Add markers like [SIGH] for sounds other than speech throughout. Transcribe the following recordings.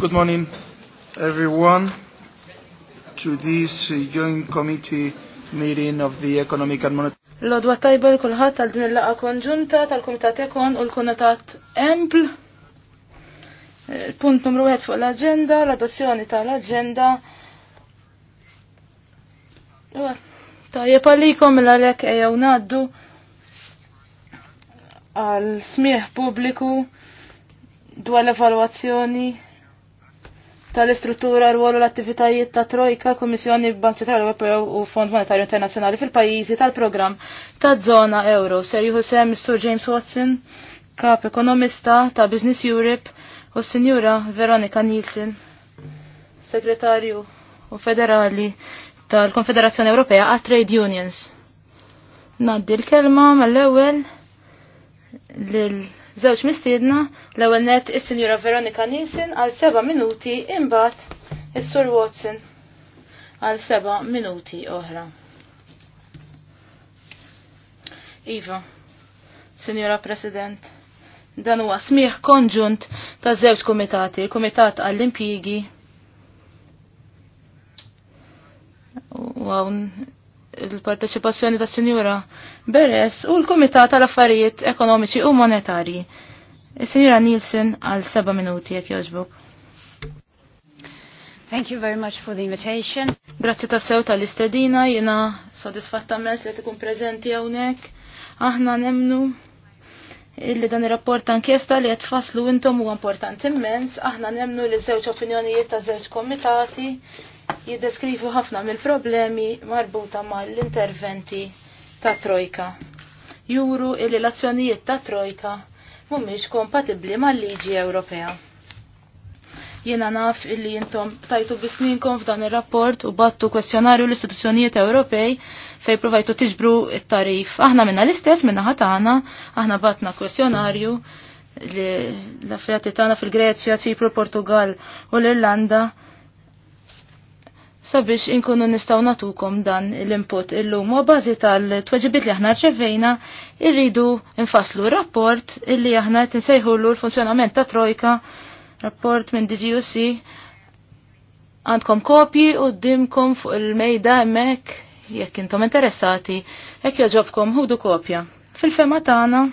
Good morning, everyone, to this joint committee meeting of the Economic and Monetary. L-odwa tajba l-kulħat għal din il-laqa konġunta tal-Komitat Ekon u l-Komitat Empl. Punt numru 1 fuq l-agenda, l-adozzjoni tal-agenda. Tajjeb għalikom l-għalek mela ejaw naddu għal smieħ publiku dwar l evaluazzjoni tal-istruttura rwolu l-attivitajiet ta' Trojka, Komissjoni Bank Ċentrali Ewropew u Fond Monetarju Internazzjonali fil-pajjiżi tal-programm ta' zona euro. Ser jieħu sem Mr. James Watson, kap ekonomista ta' Business Europe, u Sinjura Veronika Nielsen, segretarju u federali tal-Konfederazzjoni Ewropea għat Trade Unions. Naddi l-kelma mal-ewwel lil żewġ mistiedna l-ewwel net is-Sinjura Veronika Nielsen għal seba' minuti imbagħad is-Sur Watson għal seba' minuti oħra. Iva, Sinjura President, dan huwa smieħ konġunt ta' żewġ kumitati, il-Kumitat għall-Impjigi u il-parteċipazzjoni ta' Sinjura Beres u l-Kumitat tal-Affarijiet Ekonomiċi u Monetarji. Sinjura Nielsen għal seba' minuti jekk joġbu. Thank you very much for the invitation. Grazzi ta' sew tal-istedina, jena sodisfatta mess li tkun prezenti hawnhekk. Aħna nemnu illi dan ir-rapport ankjesta li qed faslu intom huwa importanti immens, aħna nemnu li żewġ opinjonijiet ta' żewġ komitati jiddeskrivu ħafna mill-problemi marbuta mal-interventi ta' trojka. Juru il relazzjonijiet ta' trojka mhumiex kompatibbli mal-liġi Ewropea. Jiena naf illi jintom tajtu bisninkom f'dan ir-rapport u battu kwestjonarju l-istituzzjonijiet Ewropej fej provajtu tiġbru it-tarif. Aħna minna l-istess minna ħatana, aħna batna kwestjonarju l-affjati tagħna fil-Greċja, Ċipru, Portugal u l-Irlanda sabiex inkunu nistaw natukom dan l-input illum u bażi tal tweġibit li aħna rċevejna irridu infaslu rapport illi aħna qed insejħulu l-funzjonament ta' Trojka, rapport minn DGUC. Għandkom kopji u dimkom fuq il-mejda hemmhekk jekk intom interessati, jekk joġobkom ħudu kopja. Fil-fema tagħna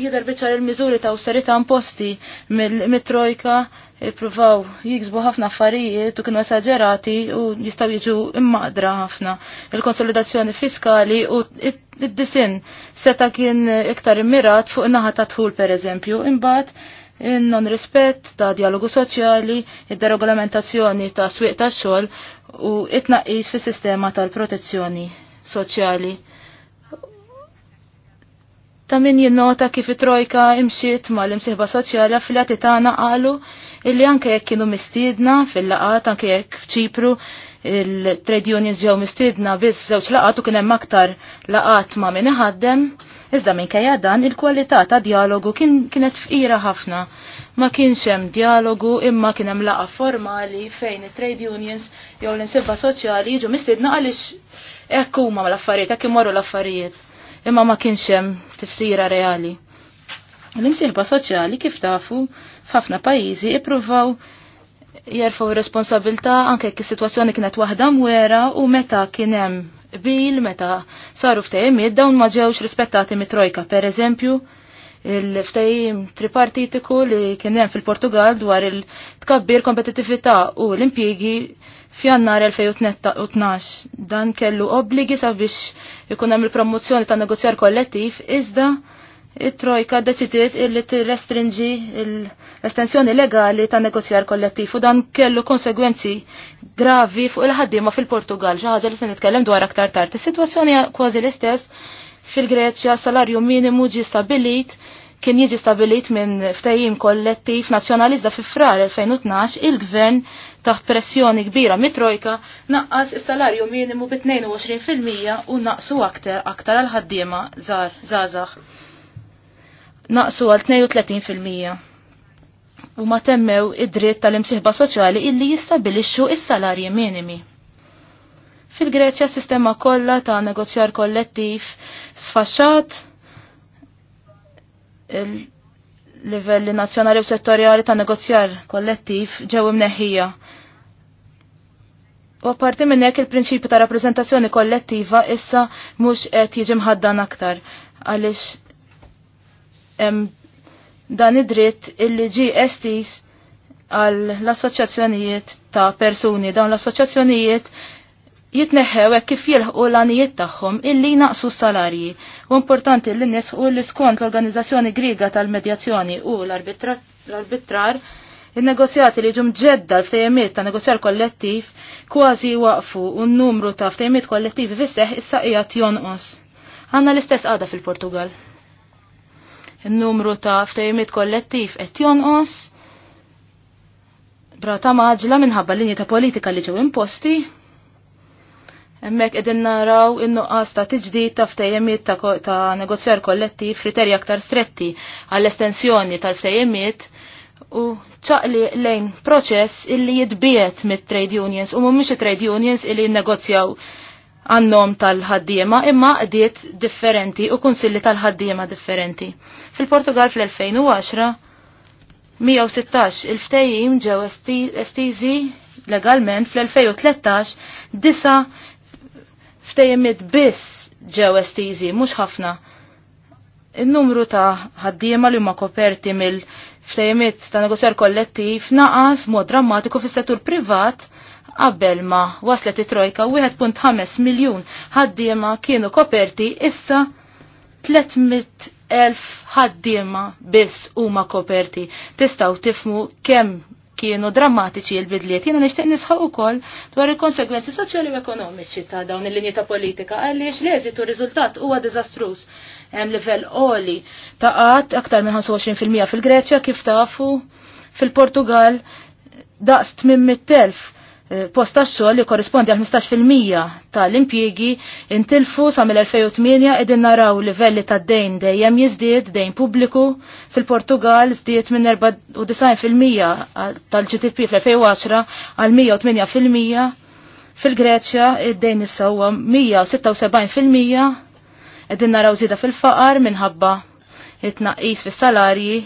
jidher biċar il-miżuri ta' awsterità imposti mit-trojka ippruvaw jiksbu ħafna affarijiet u kienu esaġerati u jistgħu jiġu immaqdra ħafna. Il-konsolidazzjoni fiskali u id-disin seta kien iktar immirat fuq in-naħa ta' tħul pereżempju. Imbagħad non rispett ta' dialogu soċjali, id-deregolamentazzjoni ta' swieq ta' xogħol u it-tnaqqis fis-sistema tal-protezzjoni soċjali ta' min jinnota kif it-trojka imxiet mal-imsieħba soċjali affilati tagħna qalu illi anke jekk kienu mistiedna fil-laqat anke jekk f'Ċipru il-trade unions ġew mistiedna biss żewġ laqat u kien hemm aktar laqat ma' min iħaddem, iżda minkejja dan il-kwalità ta' dialogu kien kienet fqira ħafna. Ma kienx hemm dialogu imma kien hemm laqa formali fejn it-trade unions jew l-imsieħba soċjali jiġu mistiedna għaliex hekk huma mal-affarijiet, hekk imorru l-affarijiet imma ma kienx hemm tifsira reali. L-imsieħba soċjali kif tafu f'ħafna pajjiżi ippruvaw jerfgħu responsabilità anke jekk is-sitwazzjoni kienet waħda mwera u meta kien hemm bil, meta saru ftehimiet dawn ma ġewx rispettati mit-trojka, pereżempju il-ftajim tripartitiku li kien hemm fil-Portugal dwar il-tkabbir kompetitività u l-impjiegi f'jannar 2012 dan kellu obbligi sabiex ikun hemm il-promozzjoni ta' negozjar kollettiv iżda it-trojka deċidiet illi tirrestringi l-estensjoni legali ta' negozjar kollettiv u dan kellu konsegwenzi gravi fuq il-ħaddiema fil-Portugal, xi ħaġa li se nitkellem dwar aktar tard. Is-sitwazzjoni kważi l-istess fil-Greċja salarju minimu ġi stabilit kien jiġi stabilit minn ftehim kollettiv nazzjonalizda fi frar 2012 il-gvern taħt pressjoni kbira mit-trojka naqqas is-salarju minimu bi 22% u naqsu aktar aktar għal ħaddiema żar zazax. Naqsu għal 32%. U ma temmew id-dritt tal-imsieħba soċjali illi jistabilixxu is-salarji minimi. Fil-Greċja sistema kollha ta' negozjar kollettiv sfaxxat livelli nazzjonali u settorjali ta' negozjar kollettiv ġew imneħħija. U apparti minn hekk il-prinċipju ta' rappreżentazzjoni kollettiva issa mhux qed jiġi mħaddan aktar għaliex hemm dan id-dritt illi ġi estis għall assoċjazzjonijiet ta' persuni. Dawn l-assoċjazzjonijiet jitneħħew hekk kif jilħqu l-għanijiet tagħhom illi naqsu salarji U importanti li u li skont l-Organizzazzjoni Griga tal-Medjazzjoni u l-Arbitrar il-negozjati li ġum ġedda l-ftejemiet ta' negozjar kollettiv kważi waqfu u n-numru ta' ftejemiet kollettivi fisseħ issa qiegħed jonqos. Għanna l-istess għada fil-Portugal. Il-numru ta' ftejemiet kollettiv qed jonqos brata maġla minħabba linji ta' politika li ġew imposti Emmek edin naraw in-nuqqas ta' tiġdid ta' ftejjemiet ta' negozjar kollettiv f'riterja aktar stretti għall-estensjoni tal-ftejjemiet u ċaqli lejn proċess illi jitbiet mit-trade unions u mhumiex trade unions illi jinnegozjaw għannom tal-ħaddiema imma qdiet differenti u kunsilli tal-ħaddiema differenti. Fil-Portugal fl-2010 116 il-ftejjim ġew estizi legalment fl-2013 disa ftejjemiet biss ġew estizi, mhux ħafna. Il-numru ta' ħaddiema li huma koperti mill ftejmit ta' negozjar kollettiv naqas mod drammatiku fis-settur privat qabel ma waslet it-trojka 1.5 miljun ħaddiema kienu koperti issa 300 elf ħaddiema biss huma koperti. Tistgħu tifmu kemm kienu drammatiċi l-bidliet. Jiena nixtieq nisħaq ukoll dwar il-konsegwenzi soċjali u ekonomiċi ta' dawn il-linji ta' politika għaliex l-eżitu riżultat huwa diżastruż. Hemm livell qoli ta' qatt aktar minn 25% fil-Greċja kif tafu fil-Portugal daqs 800,000 Eh, post tax-xogħol li korrispondi għal 15% tal-impjiegi intilfu sa mill-2008 qegħdin naraw livelli ta' dejn dejjem jiżdied dejn pubbliku fil-Portugal żdied minn 94% tal-GDP fl-2010 għal 108% fil-Greċja id-dejn issa huwa 176% qegħdin naraw żieda fil-faqar minħabba it-tnaqqis fis-salarji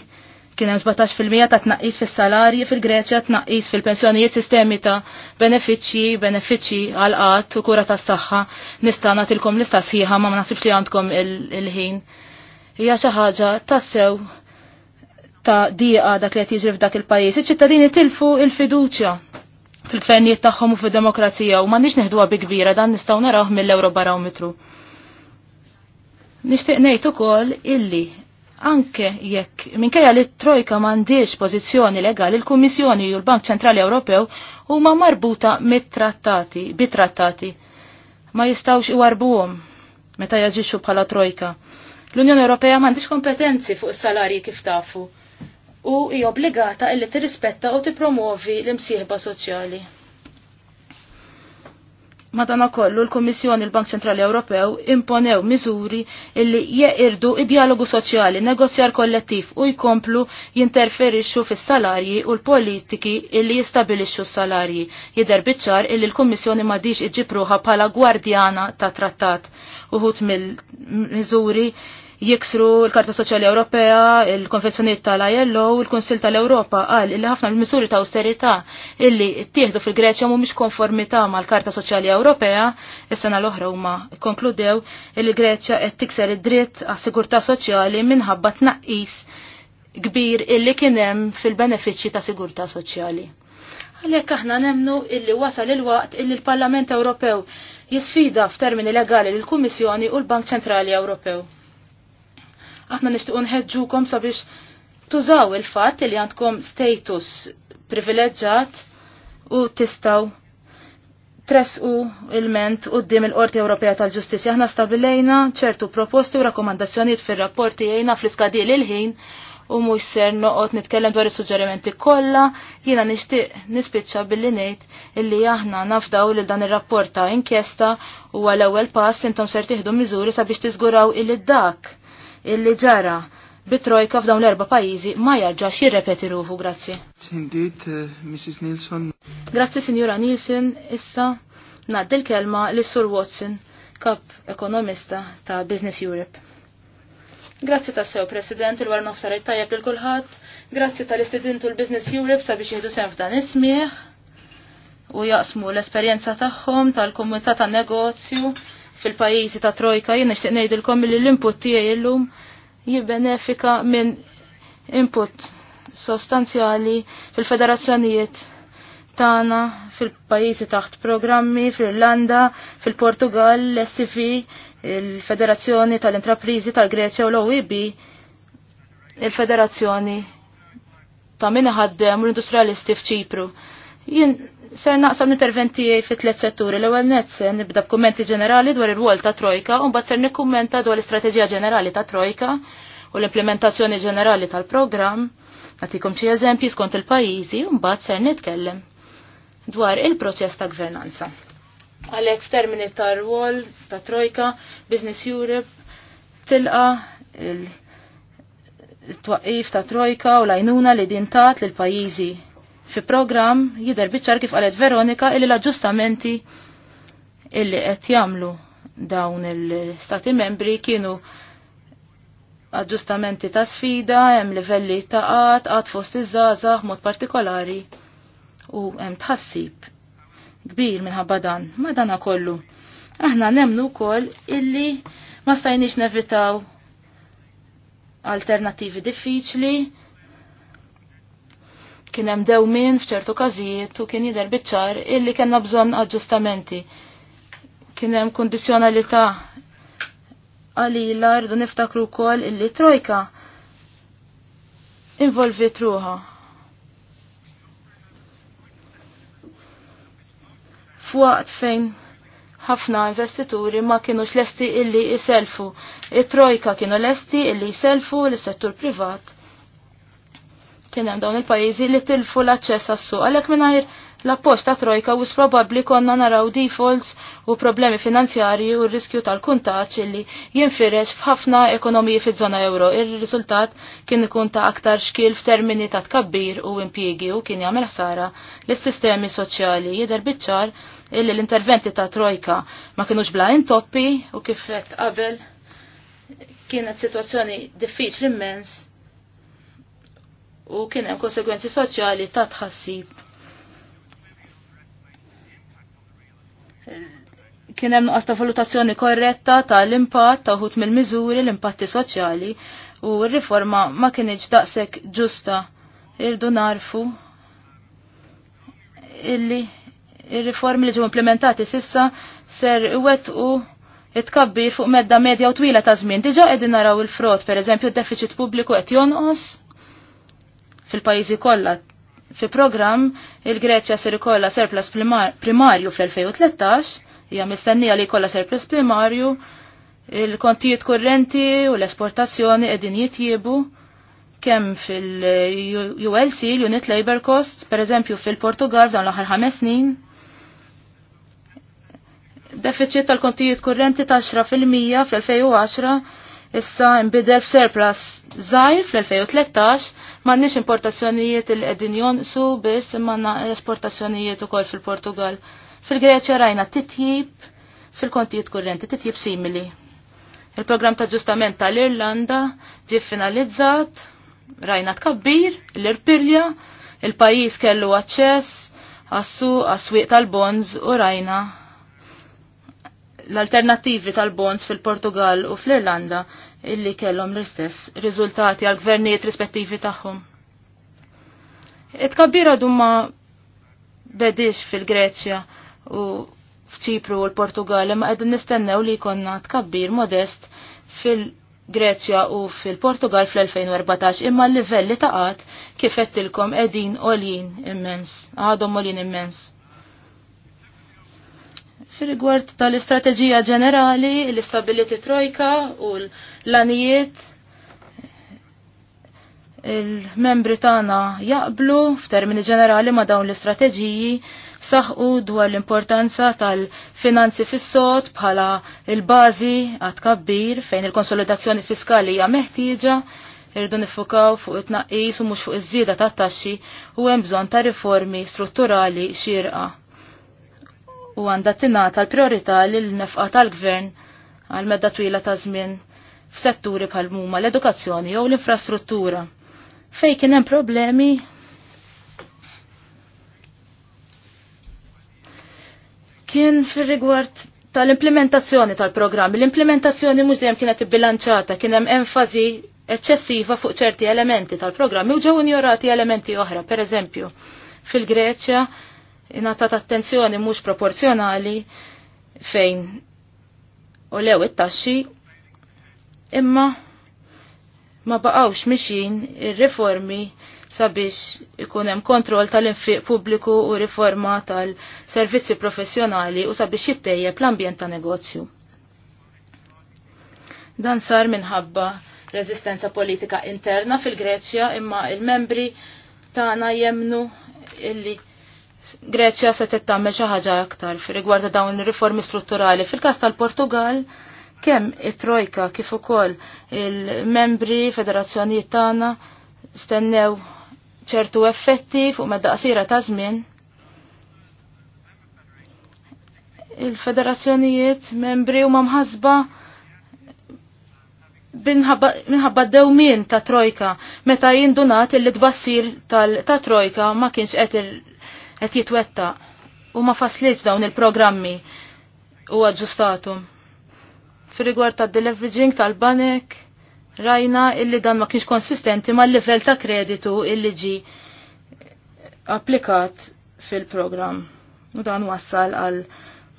Kien hemm 17% ta' tnaqqis fis-salarji fil-Greċja, tnaqqis fil-pensjonijiet sistemi ta' benefiċċji, benefiċċji għal qatt u kura tas-saħħa. Nista' nagħtilkom lista sħiħa ma naħsibx li għandkom il-ħin. Hija xi ħaġa tassew ta' diqa dak li qed jiġri f'dak il-pajjiż. Iċ-ċittadini tilfu il-fiduċja fil-gvernijiet tagħhom u fid-demokrazija u m'għandniex neħduha bi kbira dan nistgħu narawh mill-Ewro barometru. Nixtieq ngħid ukoll illi Anke jekk minkejja li trojka m'għandix pożizzjoni legali l-Kummissjoni u l-Bank Ċentrali Ewropew huma marbuta mit-trattati, bit-trattati. Ma jistawx iwarbuhom meta jaġixxu bħala trojka. L-Unjoni Ewropea m'għandix kompetenzi fuq is-salarji kif tafu u hija obbligata illi tirrispetta u tippromuovi l-imsieħba soċjali. Madanakollu l-Komissjoni l-Bank Ċentrali Ewropew imponew miżuri illi jeqirdu id-dialogu soċjali, negozjar kollettiv u jkomplu jinterferixxu fis-salarji u l-politiki illi jistabilixxu s-salarji. Jidher biċċar illi l-Kummissjoni m'għadix iġġibruha bħala gwardjana ta' trattat uħut mill-miżuri jiksru l-Karta Soċjali Ewropea, il-Konvenzjoniet tal-ILO, il-Kunsil tal-Ewropa qal illi ħafna l-misuri ta' austerità illi ttieħdu fil-Greċja mhumiex konformità mal-Karta Soċjali Ewropea, is-sena l-oħra huma konkludew illi Greċja qed tikser id-dritt għas-sigurtà soċjali minħabba tnaqqis kbir illi kien hemm fil-benefiċċji ta' sigurtà soċjali. Għalhekk aħna nemnu illi wasal il-waqt illi l-Parlament Ewropew jisfida f'termini legali l-Kummissjoni u l-Bank Ċentrali Ewropew Aħna nixtiequ nħeġġukom sabiex tużaw il-fatt li għandkom status privileġġat u tistaw tresqu il-ment d-dim il-Qorti Ewropea tal-Ġustizzja. Aħna stabilejna ċertu proposti u rakkomandazzjonijiet fir-rapporti jgħina fl-iskadil il-ħin u mhux ser noqgħod nitkellem dwar is-suġġerimenti kollha, jiena nixtieq nispiċċa billi ngħid illi aħna nafdaw lil dan ir rapporta inkjesta u għal ewwel pass intom ser tiħdu miżuri sabiex tiżguraw il dak illi ġara bitrojka f'dawn l-erba' pajjiżi ma jarġax jirrepeti ruħu, grazzi. Indeed, uh, Mrs. Nilsson. Grazzi, Signora Nilsson, issa naddi l-kelma l sur Watson, kap ekonomista ta' Business Europe. Grazzi ta' sew, President, il-war nofsarajt tajjeb lil kulħadd Grazzi tal istidintu l-Business Europe sabiex jihdu sen f'dan ismiħ u jaqsmu l-esperjenza tagħhom tal-komunità tan-negozju fil-pajjiżi ta' Trojka jien nixtieq ngħidilkom li l-input tiegħi llum jibbenefika minn input sostanzjali fil-federazzjonijiet tagħna fil-pajjiżi taħt programmi fl-Irlanda, fil-Portugal, l-SCV, il-Federazzjoni tal-Intrapriżi tal-Greċja u l-OEB, il-Federazzjoni ta' min ħaddem u l-industrialisti f'Ċipru. Jien ser naqsam interventi fi tliet setturi. L-ewwel net se nibda b'kummenti ġenerali dwar ir-rwol ta' Trojka u mbagħad ser nikkummenta dwar l-istrateġija ġenerali ta' Trojka u l-implementazzjoni ġenerali tal-programm. Natikom xi eżempji skont il-pajjiżi u mbagħad ser nitkellem dwar il-proċess ta' gvernanza. Għalhekk termini ta' rwol ta' Trojka, Business Europe tilqa il-twaqif ta' Trojka u lajnuna li dintat lil pajjiżi fi program jider biċar kif għalet Veronika illi l-aġġustamenti illi qed jagħmlu dawn il-stati membri kienu aġġustamenti ta' sfida, hemm livelli ta' qatt, qatt fost iż-żgħażagħ mod partikolari u hemm tħassib kbir minħabba dan, ma dana kollu. Aħna nemnu wkoll illi ma stajniex nevitaw alternativi diffiċli, kien hemm dewmien f'ċertu każijiet u kien jidher biċ-ċar illi kellna bżonn aġġustamenti. Kien hemm kundizzjonalità għalila rridu niftakru wkoll illi trojka involvit ruha. F'waqt fejn ħafna investituri ma kienux lesti illi jiselfu. It-trojka kienu lesti illi jiselfu l-settur privat kien hemm dawn il-pajjiżi li tilfu l-aċċess għas-suq għalhekk mingħajr l-appoġġ ta' trojka u probabbli konna naraw defaults u problemi finanzjarji u r-riskju tal-kuntaġġ li jinfirex f'ħafna ekonomiji fiż-żona euro. Ir-riżultat kien ikun ta' aktar xkil f'termini ta' tkabbir u impjiegi u kien jagħmel ħsara lis-sistemi soċjali jidher biċ-ċar illi l-interventi ta' trojka ma kienux bla intoppi u kifet qabel kienet situazzjoni diffiċli immens u kien hemm konsekwenzi soċjali ta' tħassib. Kien hemm nuqqas ta' valutazzjoni korretta tal-impatt ta' wħud mill-miżuri l-impatti soċjali u r-riforma ma kienx daqshekk ġusta irdu narfu illi ir-riformi li ġew implementati sissa ser iwettqu it-kabbir fuq medda medja u twila ta' żmien. Diġà qegħdin naraw il-frod, pereżempju d-deficit pubbliku qed jonqos fil-pajjiżi kollha fi programm il-Greċja ser ikollha surplus primarju fl-2013 hija mistennija li jkollha surplus primarju il-kontijiet kurrenti u l-esportazzjoni qegħdin jitjiebu kemm fil-ULC, l-Unit Labor Cost, per eżempju fil-Portugal f'dan l-aħħar ħames snin, deficit tal-kontijiet kurrenti ta' 10% fil-2010 issa nbidel f'surplus żgħir fl-2013 m'għandniex importazzjonijiet il qegħdin jonqsu biss imma esportazzjonijiet ukoll fil-Portugal. Fil-Greċja rajna titjib fil-kontijiet kurrenti, titjib simili. Il-programm ta' ġustament tal-Irlanda ġie finalizzat, rajna tkabbir, l-irpirja, il-pajis kellu aċċess għassu għaswiq tal-bonds u rajna l-alternativi tal-bonds fil-Portugal u fl-Irlanda illi kellhom l-istess riżultati għal gvernijiet rispettivi tagħhom. It-kabbira dumma bedix fil-Greċja u f'Ċipru u l-Portugal imma qegħdin nistennew li jkollna tkabbir modest fil-Greċja u fil-Portugal fl-2014 imma l-livelli ta' qatt kif qedtilkom qegħdin għolin immens, għadhom għolin immens fil rigward tal-istrateġija ġenerali, l-istabiliti trojka u l-anijiet, il-membri tagħna jaqblu f'termini ġenerali ma' dawn l-istrateġiji saħqu dwar l-importanza tal-finanzi fis-sod bħala il-bażi għat kabbir fejn il-konsolidazzjoni fiskali hija meħtieġa irdu nifukaw fuq it-tnaqqis u mhux fuq iż-żieda tat-taxxi u hemm bżonn ta' riformi strutturali xierqa u għandha tingħata l-priorità l nefqa tal-gvern għal medda twila ta' żmien f'setturi bħal muma l-edukazzjoni jew l-infrastruttura. Fej kien hemm problemi kien fir-rigward tal-implementazzjoni tal-programmi. L-implementazzjoni mhux dejjem kienet ibbilanċata, kien hemm enfasi eċċessiva fuq ċerti elementi tal-programmi u ġew ignorati elementi oħra, per eżempju, fil-Greċja ingħatat attenzjoni mhux proporzjonali fejn u lew it-taxxi imma ma baqgħux mixin ir-riformi sabiex ikun hemm kontroll tal-infiq pubbliku u riforma tal-servizzi professjonali u sabiex jittejjeb l-ambjent ta' negozju. Dan sar minħabba rezistenza politika interna fil-Greċja imma il-membri tagħna jemnu illi Greċja se tittamel xi ħaġa aktar rigward dawn ir-riformi strutturali. Fil-każ tal-Portugal kemm it-trojka kif ukoll il-membri federazzjonijiet tagħna stennew ċertu effetti fuq medda ta' żmien. Il-federazzjonijiet membri huma mħasba minħabba dewmien ta' trojka meta jindunat il-tbassir ta' trojka ma kienx qed qed jitwetta u ma faslitx dawn il-programmi u aġġustatu. Fir-rigward tad-deleveraging tal-banek rajna illi dan ma kienx konsistenti mal-livell ta' kreditu illi ġi applikat fil-programm. U dan wassal għal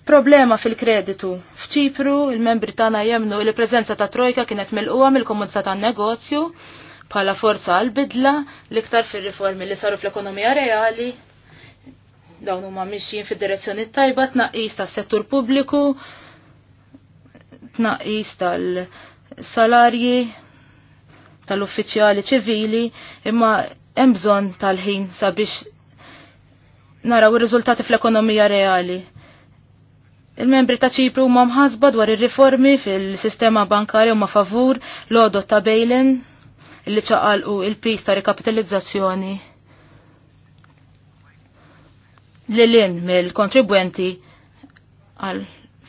problema fil-kreditu. F'ċipru, il-membri tagħna jemnu li preżenza ta' Trojka kienet mill mill-komunità tan-negozju bħala forza għal bidla l-iktar fir-riformi li saru fl-ekonomija reali dawn huma mixjin fid-direzzjoni tajba tnaqqis tas-settur pubbliku, tnaqqis tal-salarji tal-uffiċjali ċivili, imma hemm bżonn tal-ħin sabiex naraw ir-riżultati fl-ekonomija reali. Il-membri ta' ċipru huma mħasba dwar ir-riformi fil-sistema bankarja huma favur l-għodot ta' Bejlen li ċaqalqu il-pis ta' rikapitalizzazzjoni l in mill-kontribwenti għal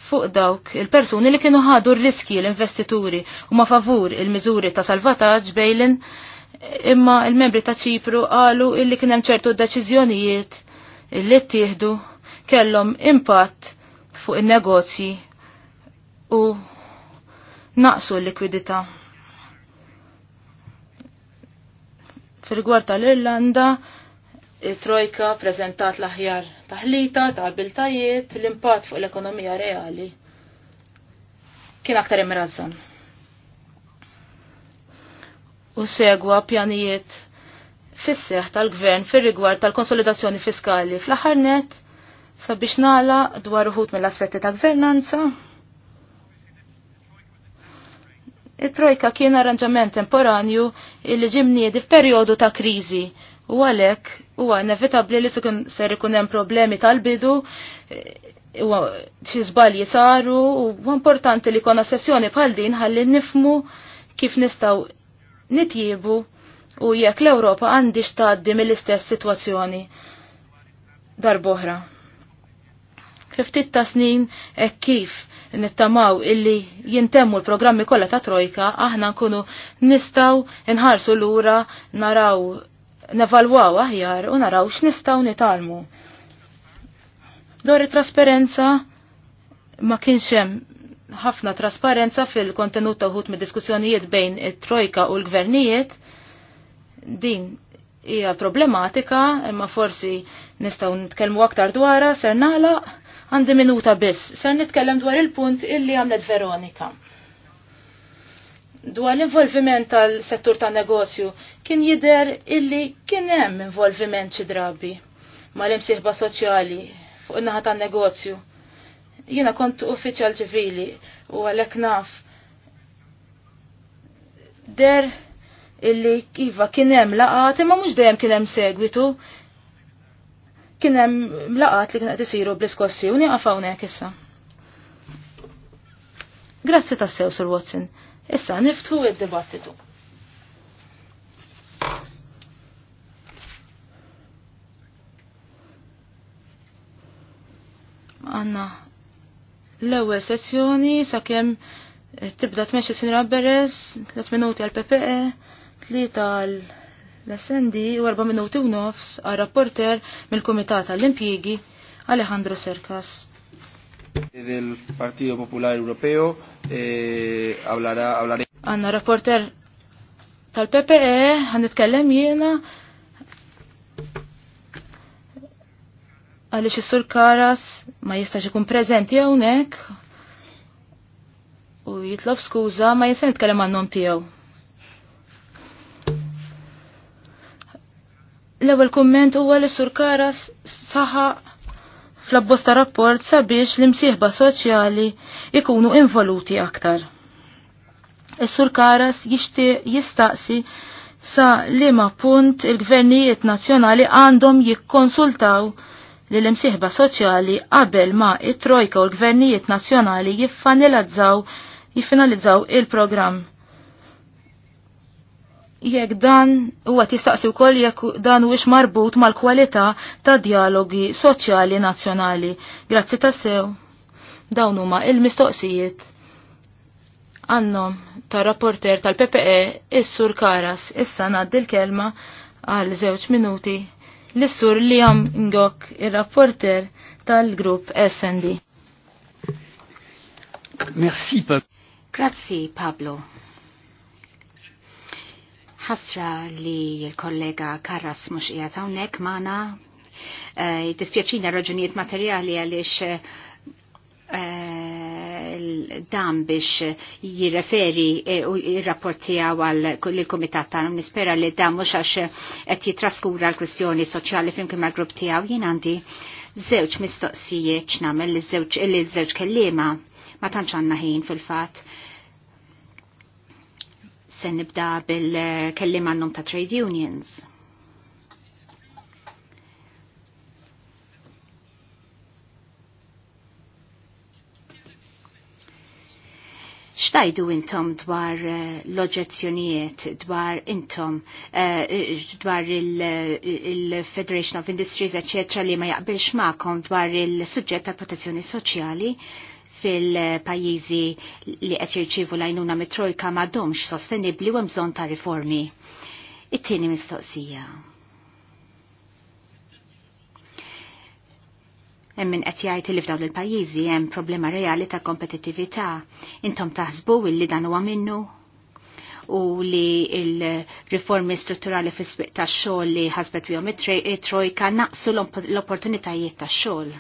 fuq dawk il-persuni li kienu ħadu r-riski l-investituri u ma favur il-miżuri ta' salvataġġ bejlin imma il-membri ta' ċipru għalu illi kien hemm ċertu deċiżjonijiet illi ttieħdu kellhom impatt fuq in-negozji u naqsu l-likwidità. Fil-gwar tal-Irlanda, il-trojka prezentat l-aħjar taħlita ta' abiltajiet l-impatt fuq l-ekonomija reali kien aktar imrazzan. U segwa pjanijiet fis tal-gvern fir-rigward tal-konsolidazzjoni fiskali fl-aħħar net sabiex nala dwar uħut mill-aspetti ta' gvernanza. it-trojka kien arranġament temporanju il-ġimniedi f'perjodu ta' kriżi U għalek, huwa inevitabli li ser ikun hemm problemi tal-bidu, eh, u xi żbalji saru, u importanti li kona sessjoni bħal din ħalli nifmu kif nistgħu nitjibu u jekk l-Ewropa għandix tgħaddi mill-istess sitwazzjoni darboħra. Fiftit ta' snin e kif nittamaw illi jintemmu l-programmi kollha ta' trojka aħna nkunu nistaw nħarsu lura naraw nevalwaw aħjar u naraw x'nistgħu nitalmu. Dwar it-trasparenza ma kienx hemm ħafna trasparenza fil-kontenut ta' uħut mid-diskussjonijiet bejn it-trojka u l-gvernijiet. Din hija problematika, imma forsi nistgħu nitkellmu aktar dwarha ser nagħlaq għandi minuta biss. Ser nitkellem dwar il-punt illi għamlet Veronika dwar l-involviment tal-settur ta' negozju kien jider illi kien hemm involviment xi drabi mal-imsieħba soċjali fuq in-naħa tan-negozju. Jiena kont uffiċjal ċivili u għalhekk naf der illi iva kien hemm laqat imma mhux dejjem kien hemm segwitu. Kien hemm laqat li kien qed isiru bl-Iskossi u nieqaf hawnhekk issa. Grazzi tassew, Sur Watson. Issa niftħu id-dibattitu. Għanna l-ewwel sezzjoni sakemm tibda tmexxi Sinra Beres, 3 minuti għal PPE, 3 għal l-SND u 4 minuti u nofs għal rapporter mill-Kumitat tal impjigi Alejandro Serkas. Del Partido Popolari Europeo eh, hablará hablaré. Għanna rapporter tal-PPE han nitkellem jiena għaliex is-sur Karas ma jistax ikun preżenti hawnhekk u jitlob skuża ma jista' nitkellem għan-nom tiegħu. L-ewwel kumment huwa li sur Karas saħaq fl-abbosta rapport sabiex l-imsieħba soċjali ikunu involuti aktar. Is-Sur Karas jixtieq jistaqsi sa liema punt il-gvernijiet nazzjonali għandhom jikkonsultaw li l-imsieħba soċjali qabel ma it-trojka u l-gvernijiet nazzjonali jiffanilazzaw jiffinalizzaw il-programm jekk dan huwa tistaqsi wkoll jekk dan huwiex marbut mal-kwalità ta' dialogi soċjali nazzjonali. Grazzi ta' sew. Dawn huma il-mistoqsijiet għannom ta' rapporter tal-PPE is-sur Karas issa ngħaddi l-kelma għal żewġ minuti l-sur Liam Ngok ir-rapporter tal-grupp SND. Merci Pablo. Grazzi Pablo ħasra li l-kollega Karras mux qiegħed hawnhekk magħna. Eh, dispjaċina raġunijiet materjali għaliex eh, dan biex jirreferi eh, u jirrapportija għal il-komitat tagħna nispera li dan mhux għax qed jitraskura l kwestjoni soċjali flimkien mal-grupp tiegħu jien għandi żewġ mistoqsijiet x'nagħmel li żewġ kelliema ma tantx għandna ħin fil-fatt Se nibda bil-kellim għannum ta' trade unions. xtajdu intom dwar eh, l-oġezzjonijiet, dwar intom, eh, dwar il-Federation of Industries, ecc. li ma jaqbilx ma'kom dwar il-sujġet tal protezzjoni soċjali, fil-pajjiżi li qed jirċievu lajnuna mit-trojka m'għadhomx sostenibbli u mżon bżonn ta' riformi. It-tieni mistoqsija. hemm min qed jgħid li f'dawn il-pajjiżi hemm problema reali ta' kompetittività. Intom taħsbu illi dan huwa minnu? u li il-riformi strutturali fis-sbiq tax-xogħol li ħasbet bihom trojka naqsu l-opportunitajiet tax-xogħol.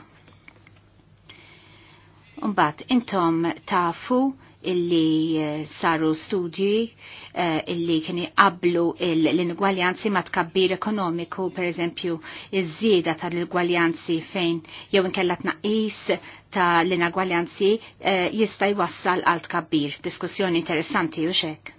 Umbat, intom tafu illi eh, saru studji eh, illi kien qablu l-ingwaljanzi ma tkabbir ekonomiku, per eżempju, iż-żieda tal-ingwaljanzi fejn jew inkella tnaqis ta' l-ingwaljanzi eh, jista' jwassal għal tkabbir. Diskussjoni interessanti u xek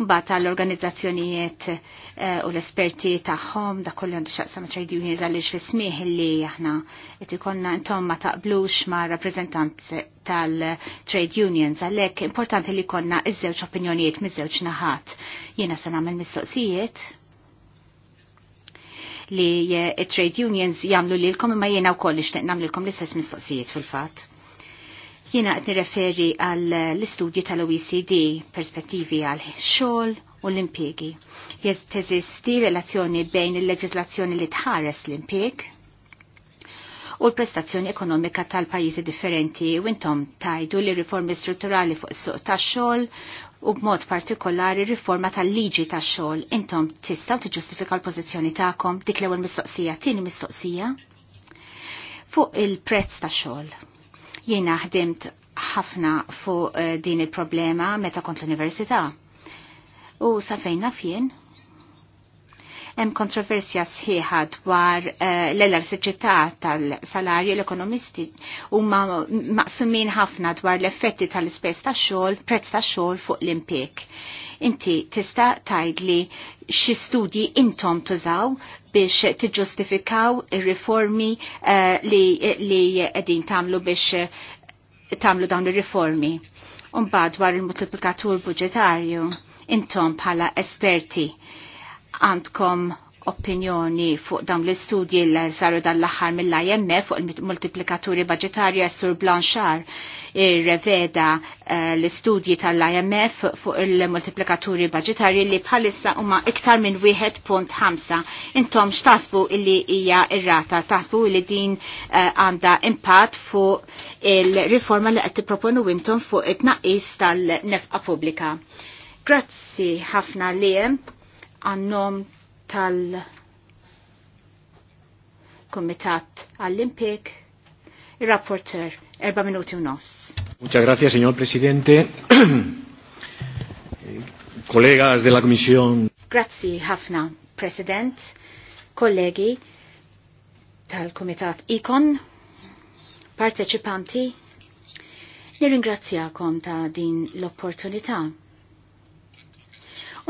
mbagħad tal organizzazzjonijiet eh, u l-esperti tagħhom da kollu għandu xaqsam trade unions għaliex fi smih li aħna qed ikollna intom ma taqblux ma' rappreżentant tal-trade unions għalhekk importanti li konna iż-żewġ opinjonijiet miż-żewġ naħat. Jiena se nagħmel mistoqsijiet li eh, trade unions jagħmlu lilkom imma jiena wkoll xteq nagħmlilkom l-istess mistoqsijiet fil-fatt. Jiena qed nirreferi għall istudji tal-OECD perspettivi għal xogħol u l-impjegi. Teżisti relazzjoni bejn il-leġislazzjoni li tħares l-impjeg u l-prestazzjoni ekonomika tal-pajjiżi differenti u intom tajdu li riformi strutturali fuq is-suq tax-xogħol u b'mod partikolari riforma tal-liġi tax-xogħol intom tistgħu tiġġustifika l-pożizzjoni tagħkom dik l-ewwel mistoqsija, tieni mistoqsija fuq il-prezz tax-xogħol Jiena ħdimt ħafna fuq eh, din il-problema meta kont l-università. U sa fejn naf jien, Hemm kontroversja sħiħa dwar eh, l-elarsiċità tal-salarju l-ekonomisti huma maqsumin ħafna dwar l-effetti tal-ispess tax-xogħol, prezz tax-xogħol fuq l-impjeg. Inti tista' tgħidli xi studji intom tużaw biex tiġġustifikaw ir-riformi eh, li qegħdin tagħmlu biex eh, tagħmlu dawn ir-riformi. Umbagħad dwar il-multiplikatur budġetarju, intom bħala esperti għandkom opinjoni fuq dawn l-istudji l saru dan l-aħħar mill-IMF fuq il-multiplikaturi budgetarja sur Blanchard reveda eh, l-istudji tal-IMF fuq il-multiplikaturi budgetarji li bħalissa huma iktar minn 1.5. Intom x'tasbu illi hija ir-rata, tasbu li din eh, għandha impatt fuq il-riforma li qed tipproponu intom fuq it-tnaqqis tal-nefqa pubblika. Grazzi ħafna li għannom tal-Komitat għall il-rapporter, erba minuti u nofs. Muchas gracias, señor presidente. Kollegas [CLEARS THROAT] de la Comisión. Grazzi ħafna, President, kollegi tal-Komitat ICON, parteċipanti, nirringrazzjakom ta' din l-opportunità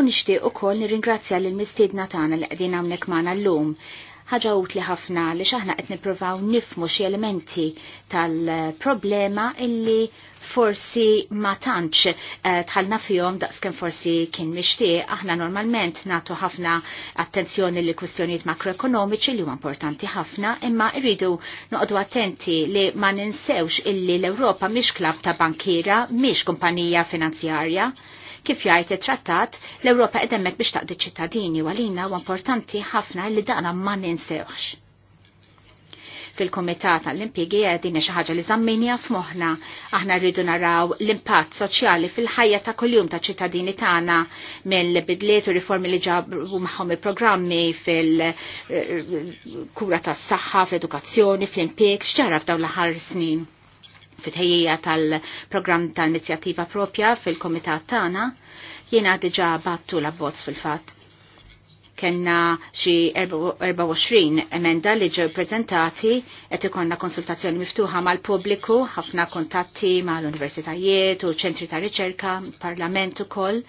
u nixtieq ukoll nirringrazzja l mistiedna tagħna li qegħdin hawnhekk magħna llum. Ħaġa utli ħafna li x'aħna qed nippruvaw nifmu xi elementi tal-problema illi forsi ma tantx tħalna eh, tħallna fihom daqskemm forsi kien mixtieq, aħna normalment nagħtu ħafna attenzjoni li kwistjonijiet makroekonomiċi li huwa importanti ħafna, imma rridu noqogħdu attenti li ma ninsewx illi l-Ewropa mhix klab ta' bankiera, mhix kumpanija finanzjarja. Kif jgħid it-trattat, l-Ewropa qed biex taqdi ċittadini u għalina u importanti ħafna li daqna ma ninsewx fil-Komitat tal-Impjegi għedin xi ħaġa li żamminja f'moħħna. Aħna rridu naraw l-impatt soċjali fil-ħajja ta' kuljum ta' ċittadini tagħna mill-bidliet u riformi li ġabru magħhom il-programmi fil-kura tas-saħħa, fl-edukazzjoni, fl-impjeg, x'ġara f'dawn l-aħħar snin fit tal-programm tal-inizjattiva propja fil-komitat tagħna, jiena diġà battu la abbozz fil-fatt. Kenna xi 24 emenda li ġew prezentati qed ikonna konsultazzjoni miftuħa mal-pubbliku, ħafna kontatti mal-universitajiet u ċentri ta' riċerka, parlament ukoll.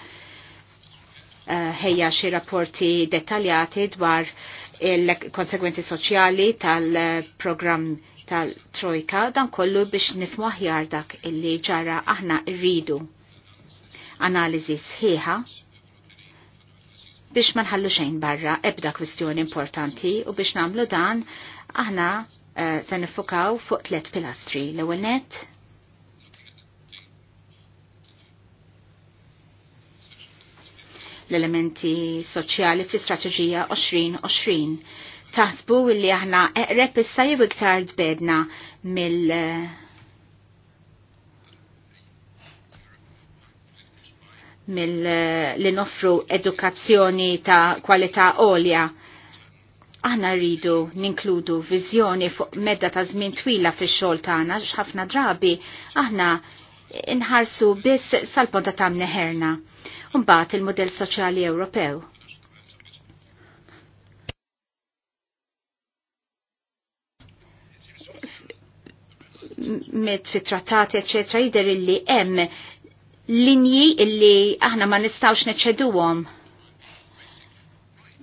Eh, ħejja uh, xi rapporti dettaljati dwar il-konsegwenzi soċjali tal-programm tal-Trojka dan kollu biex nifmu aħjar dak illi ġara aħna rridu analiżi sħiħa biex ma nħallu xejn barra ebda kwistjoni importanti u biex nagħmlu dan aħna uh, se nifukaw fuq tliet pilastri. L-ewwel net l-elementi soċjali fl-istrateġija 2020 taħsbu illi aħna eqreb issa jew iktar tbedna mill- mill li noffru edukazzjoni ta' kwalità għolja. Aħna rridu ninkludu viżjoni fuq medda ta' żmien twila fix-xogħol tagħna x'ħafna drabi aħna inħarsu biss sal-ponta ta' mneħerna. Mbagħad il-modell soċjali Ewropew mit fit trattati eccetera, jider illi hemm linji illi aħna ma nistawx għom.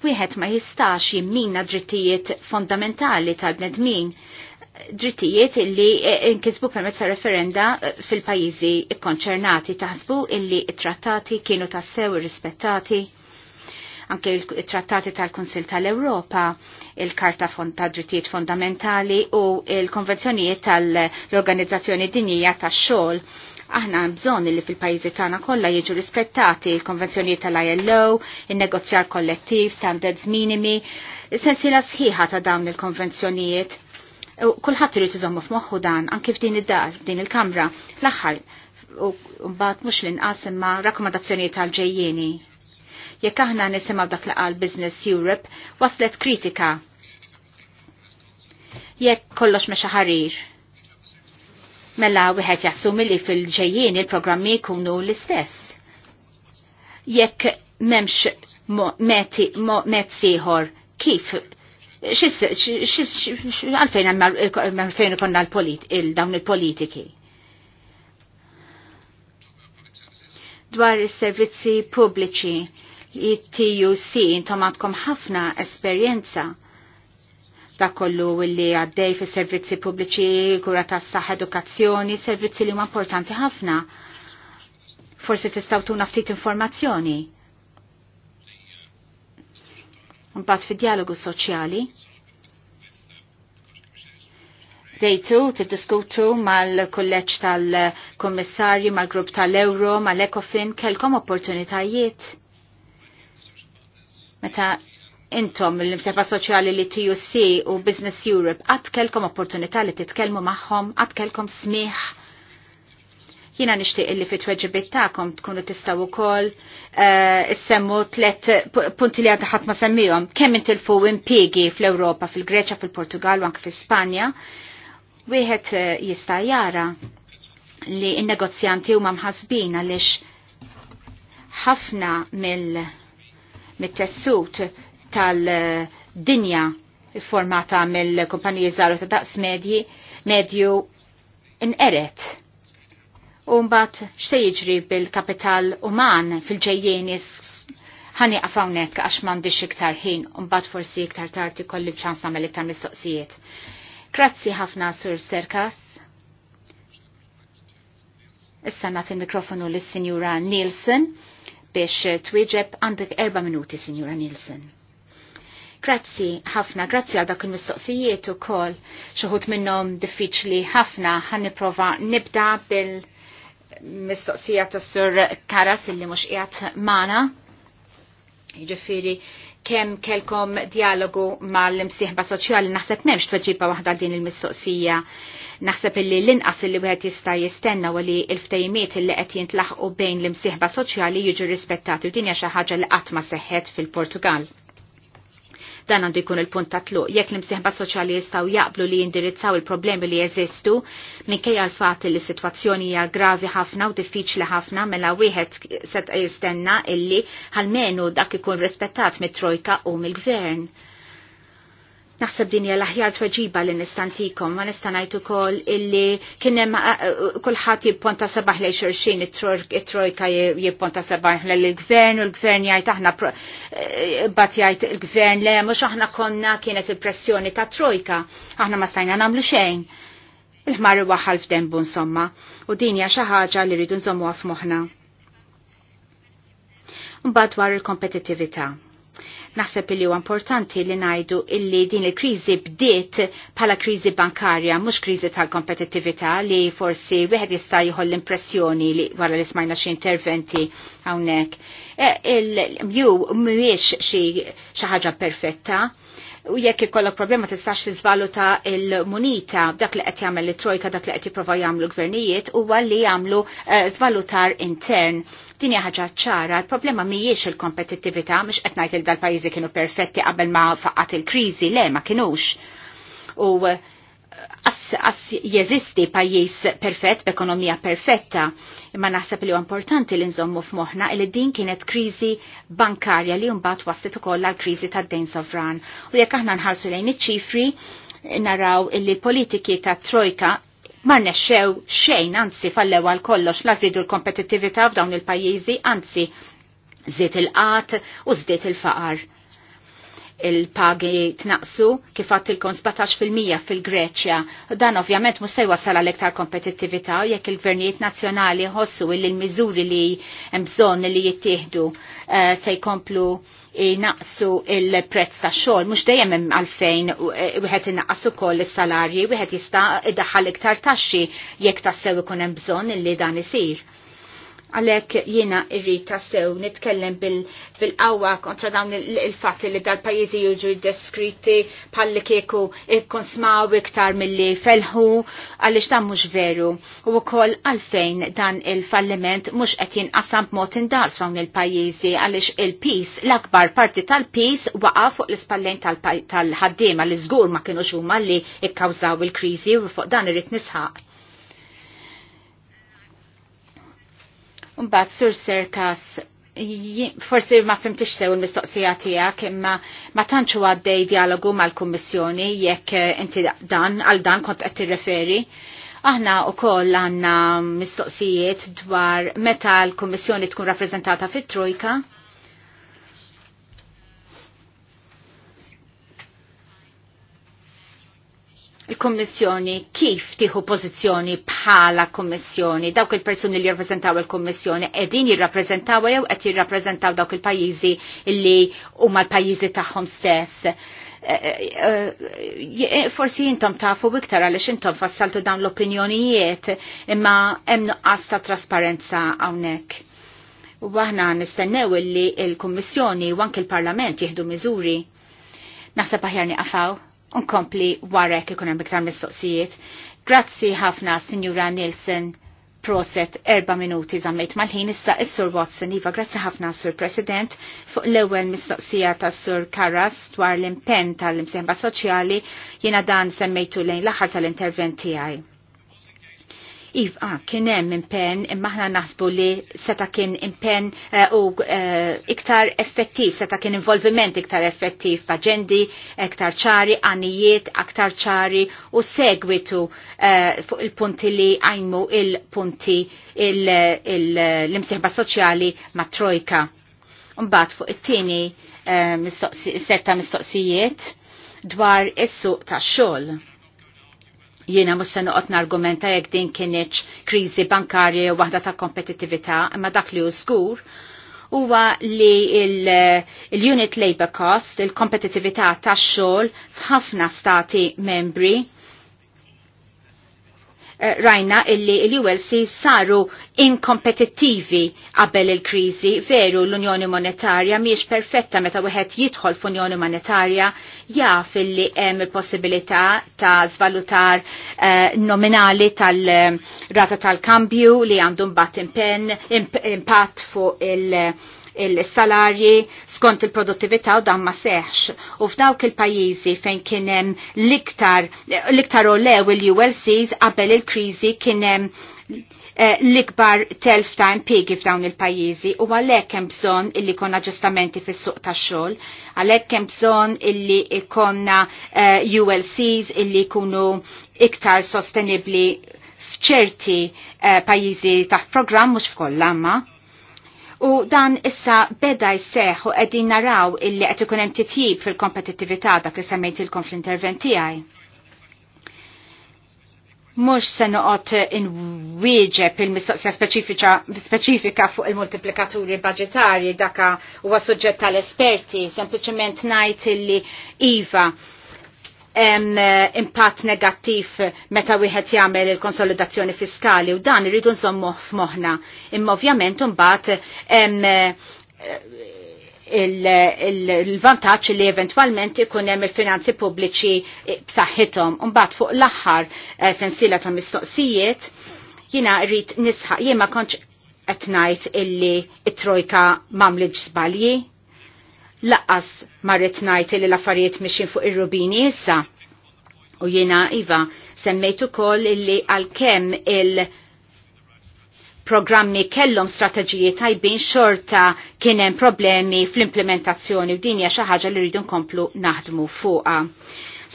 Wieħed ma jistax jimmina drittijiet fondamentali tal-bnedmin drittijiet illi e, inkisbu permezz referenda e, fil-pajizi ikkonċernati taħsbu illi it-trattati kienu tassew irrispettati. rispettati anke il-trattati tal-Kunsil tal-Europa, il-Karta tad Drittijiet Fondamentali u il-Konvenzjonijiet tal-Organizzazzjoni Dinjija tax-Xogħol aħna bżon li fil pajjiżi tagħna kollha jiġu rispettati l-konvenzjonijiet tal-ILO, in-negozjar kollettiv, standards minimi, sensiela sħiħa ta' dawn il-konvenzjonijiet. Kulħadd irid iżommu f'moħħu dan anke f'din id-dar, din il-kamra, l-aħħar u mbagħad mhux l-inqas imma rakkomandazzjonijiet tal-ġejjieni Jekk aħna nisimgħu dak li qal Business Europe waslet kritika. Jekk kollox mexa ħarir. Mela wieħed jassumi li fil-ġejjien il-programmi jkunu l-istess. Jekk m'hemmx mezz ieħor kif għalfejn għalfejn konna dawn il-politiki. Dwar is-servizzi pubbliċi TUC intom għandkom ħafna esperjenza da kollu li għaddej fi servizzi pubbliċi, kura ta' saħ edukazzjoni, servizzi li huma importanti ħafna. Forsi tistaw tuna ftit informazzjoni. Mbatt fid-dialogu soċjali dejtu, tiddiskutu mal kolleċ tal-kommissarju, mal-grupp tal-Euro, mal-Ecofin, kelkom opportunitajiet Meta intom l-imsefa soċjali li TUC u Business Europe għad kelkom opportunità li titkelmu maħħom, għad kelkom smiħ. Jina nishtiq li fit weġibit ta'kom tkunu tistaw ukoll uh, eh, semmu tlet punti li għadħat ma semmijom. Kemm intilfu impiegi fl-Europa, fil-Greċa, fil-Portugal u anke fil-Spanja, wieħed eh, jista' jara li n-negozjanti huma mħasbin għaliex ħafna mill- mit-tessut tal-dinja formata mill-kumpaniji żaru ta' daqs medji medju inqeret. U mbagħad x'se jiġri bil-kapital uman fil-ġejjieni ħani hawnhekk għax m'għandix iktar ħin, mbagħad forsi iktar tarti kolli ċans namel iktar mistoqsijiet. Grazzi ħafna sur Serkas. Issa nagħti il-mikrofonu lis sinjura Nielsen biex twieġeb għandek erba' minuti, Signora Nielsen. Grazzi ħafna, grazzi għal dak il-mistoqsijiet u kol xoħut minnom diffiċli ħafna ħan niprofa nibda bil mistoqsijiet ta' sur Karas illi mux qiegħed mana. Ġifiri, kemm kelkom dialogu mal-imsieħba soċjali naħseb memx tweġiba waħda din il-mistoqsija. Naħseb illi l-inqas li wieħed jista' jistenna li l-ftejmiet li qed jintlaħqu bejn l-imsieħba soċjali jiġu rispettati u din hija xi ħaġa li qatt ma seħħet fil-Portugal. Dan għandu jkun il-punt ta' tluq. Jekk l-imsieħba soċjali jistgħu jaqblu li jindirizzaw il-problemi li jeżistu, minkejja l fat li s-sitwazzjoni hija gravi ħafna u diffiċli ħafna mela wieħed seta' jistenna illi ħalmenu dak ikun rispettat mit-trojka u mill-gvern. Naħseb din hija l-aħjar tweġiba li nistantikom, ma nista' ngħid ukoll illi kien hemm eh, eh, kulħadd sabah li xerxin xulxin it-trojka jibponta sabah li l gvern u l-gvern jgħid aħna eh, bat jajt il-gvern le mux aħna konna kienet il-pressjoni ta' trojka, aħna ma stajna nagħmlu xejn. Il-ħmar waħal ħalf insomma, u din hija xi ħaġa li rridu nżommuha f'moħħna. Mbagħad dwar il kompetitivita Naħseb li huwa importanti li ngħidu illi din il-kriżi bdiet bħala kriżi bankarja mhux kriżi tal-kompetittività li forsi wieħed jista' jħoll l-impressjoni li wara li smajna xi interventi hawnhekk. Eh, il-mju mhuwiex xi ħaġa perfetta, u jekk ikollok problema tistax tiżvaluta il-munita dak li qed jagħmel it-trojka dak li qed jipprova jagħmlu gvernijiet huwa li jagħmlu eh, żvalutar intern. Din hija ħaġa ċara, l problema mhijiex il-kompetittività mhux qed ngħid il dal-pajjiżi kienu perfetti qabel ma faqat il-kriżi, le ma kinux. U uh, jeżisti pajjiż perfett b'ekonomija perfetta, imma naħseb li huwa importanti li nżommu f'moħħna li din kienet kriżi bankarja li mbagħad waslet ukoll għall kriżi tad-dejn sovran. U jekk aħna nħarsu lejn iċ-ċifri naraw li politiki ta' trojka ma nexxew xejn anzi fallew għal kollox la żidu l-kompetittività f'dawn il-pajjiżi anzi żied il-qat u żdiet il-faqar il-pagi tnaqsu kif għattilkom 17% fil-Greċja. Dan ovvjament mhux se l-ektar iktar kompetittività jekk il-gvernijiet nazzjonali ħossu il l-miżuri li hemm bżonn li jittieħdu eh, se jkomplu naqsu il-prezz ta' xogħol, mhux dejjem hemm għalfejn eh, wieħed innaqqas ukoll is-salarji, wieħed jista' iddaħħal iktar taxxi jekk tassew ikun hemm bżonn illi dan isir. Għalek jena irrita sew nitkellem bil-qawwa bil kontra dawn il-fatti li dal-pajizi juġu deskriti palli kieku ikkun smaw iktar mill-li felħu għalix dan mux veru u wkoll għalfejn dan il-falliment mux qed jinqasam b'mod indaqs fawn il-pajizi għalix il-pis l-akbar parti tal-pis waqa fuq l-ispallejn tal ħaddim tal li żgur ma kienu xumma li ikkawżaw il-kriżi u fuq dan irrit nisħaq Mbagħad sur serkas forsi ma fimtix sew il-mistoqsija tiegħek imma ma tanċu għaddej dialogu mal-Kummissjoni jekk eh, inti dan għal dan kont qed tirreferi. Aħna u koll għanna mistoqsijiet dwar meta l-Kommissjoni tkun rappresentata fit-Trojka il-Kommissjoni kif tieħu pożizzjoni bħala Kommissjoni, dawk il-persuni li jirrappresentaw il-Kommissjoni qegħdin jirrappresentaw jew qed jirrappresentaw dawk il-pajjiżi li huma l-pajjiżi tagħhom stess. Eh, eh, eh, forsi jintom tafu iktar għaliex intom fassaltu dawn l-opinjonijiet imma hemm nuqqas ta' trasparenza hawnhekk. U aħna nistennew illi il-Kummissjoni u anke l parlament jieħdu miżuri. Naħseb aħjar niqafaw Unkompli warek ikun hemm iktar mistoqsijiet. Grazzi ħafna, Sinjura Nielsen. Proset erba minuti zammejt mal-ħin issa is-Sur Watson iva grazzi ħafna Sur President fuq l-ewwel mistoqsija ta' Sur Karas dwar l-impenn tal-imsieħba soċjali jiena dan semmejtu lejn l-aħħar tal-intervent tiegħi. Iva, kienem impen, imma nasbu naħsbu li seta kien impen uh, eh, u uh, iktar effettiv, seta kien involviment iktar effettiv b'aġendi, iktar ċari, għanijiet, iktar ċari u segwitu uh, fuq il-punti li għajmu il-punti l-imsieħba soċjali ma' trojka. Mbagħad fuq it-tieni setta mistoqsijiet dwar is-suq tax-xogħol Jiena mhux se noqgħod nargumenta jekk din kienieċ kriżi bankarja jew waħda ta' kompetittività, imma dak li hu żgur huwa li l-unit labor cost, il-kompetitività tax xogħol f'ħafna stati membri Eh, rajna illi l-ULC saru inkompetittivi qabel il-krizi, veru l-Unjoni Monetarja miex perfetta meta wieħed jidħol f'Unjoni Monetarja jaf illi hemm il-possibilità ta' zvalutar eh, nominali tal-rata tal-kambju li għandu mbatt impen impatt fuq il- il-salarji skont il-produttività u dan ma seħx. U f'dawk il-pajjiżi fejn kien hemm l-iktar l-iktar olew il-ULCs qabel il-kriżi kien hemm eh, l-ikbar telf ta' impiegi f'dawn il-pajjiżi u għalhekk hemm bżonn illi kon aġġustamenti fis-suq tax-xogħol, għalhekk hemm bżonn illi jkollna eh, ULCs illi jkunu iktar sostenibbli f'ċerti uh, pajjiżi taħt programm mhux f'kollha ma' U dan issa beda jseħ u qegħdin naraw illi qed ikun hemm titjib fil-kompetittività dak li semmejtilkom fl-intervent tiegħi. Mhux se noqgħod inwieġeb il-mistoqsija speċifika fuq il-multiplikaturi budġetarji dak huwa suġġett tal-esperti, sempliċement ngħid illi iva Eh, impatt negattiv meta wieħed jagħmel il-konsolidazzjoni fiskali u dan irridu nsommu f'moħħna. Imma ovvjament imbagħad eh, il vantaġġ li eventualment ikun hemm il-finanzi pubbliċi b'saħħithom. Imbagħad fuq l-aħħar eh, sensiela ta' mistoqsijiet jiena rrid nisħaq jien ma kontx qed ngħid illi t trojka mamliġ żbalji Laqqas marret najt li l-affarijiet mixin fuq ir-rubini issa. U jiena iva semmejtu ukoll illi għalkemm il programmi kellhom strateġiji tajbin xorta kien hemm problemi fl-implementazzjoni u dinja xi ħaġa li rridu nkomplu naħdmu fuqha.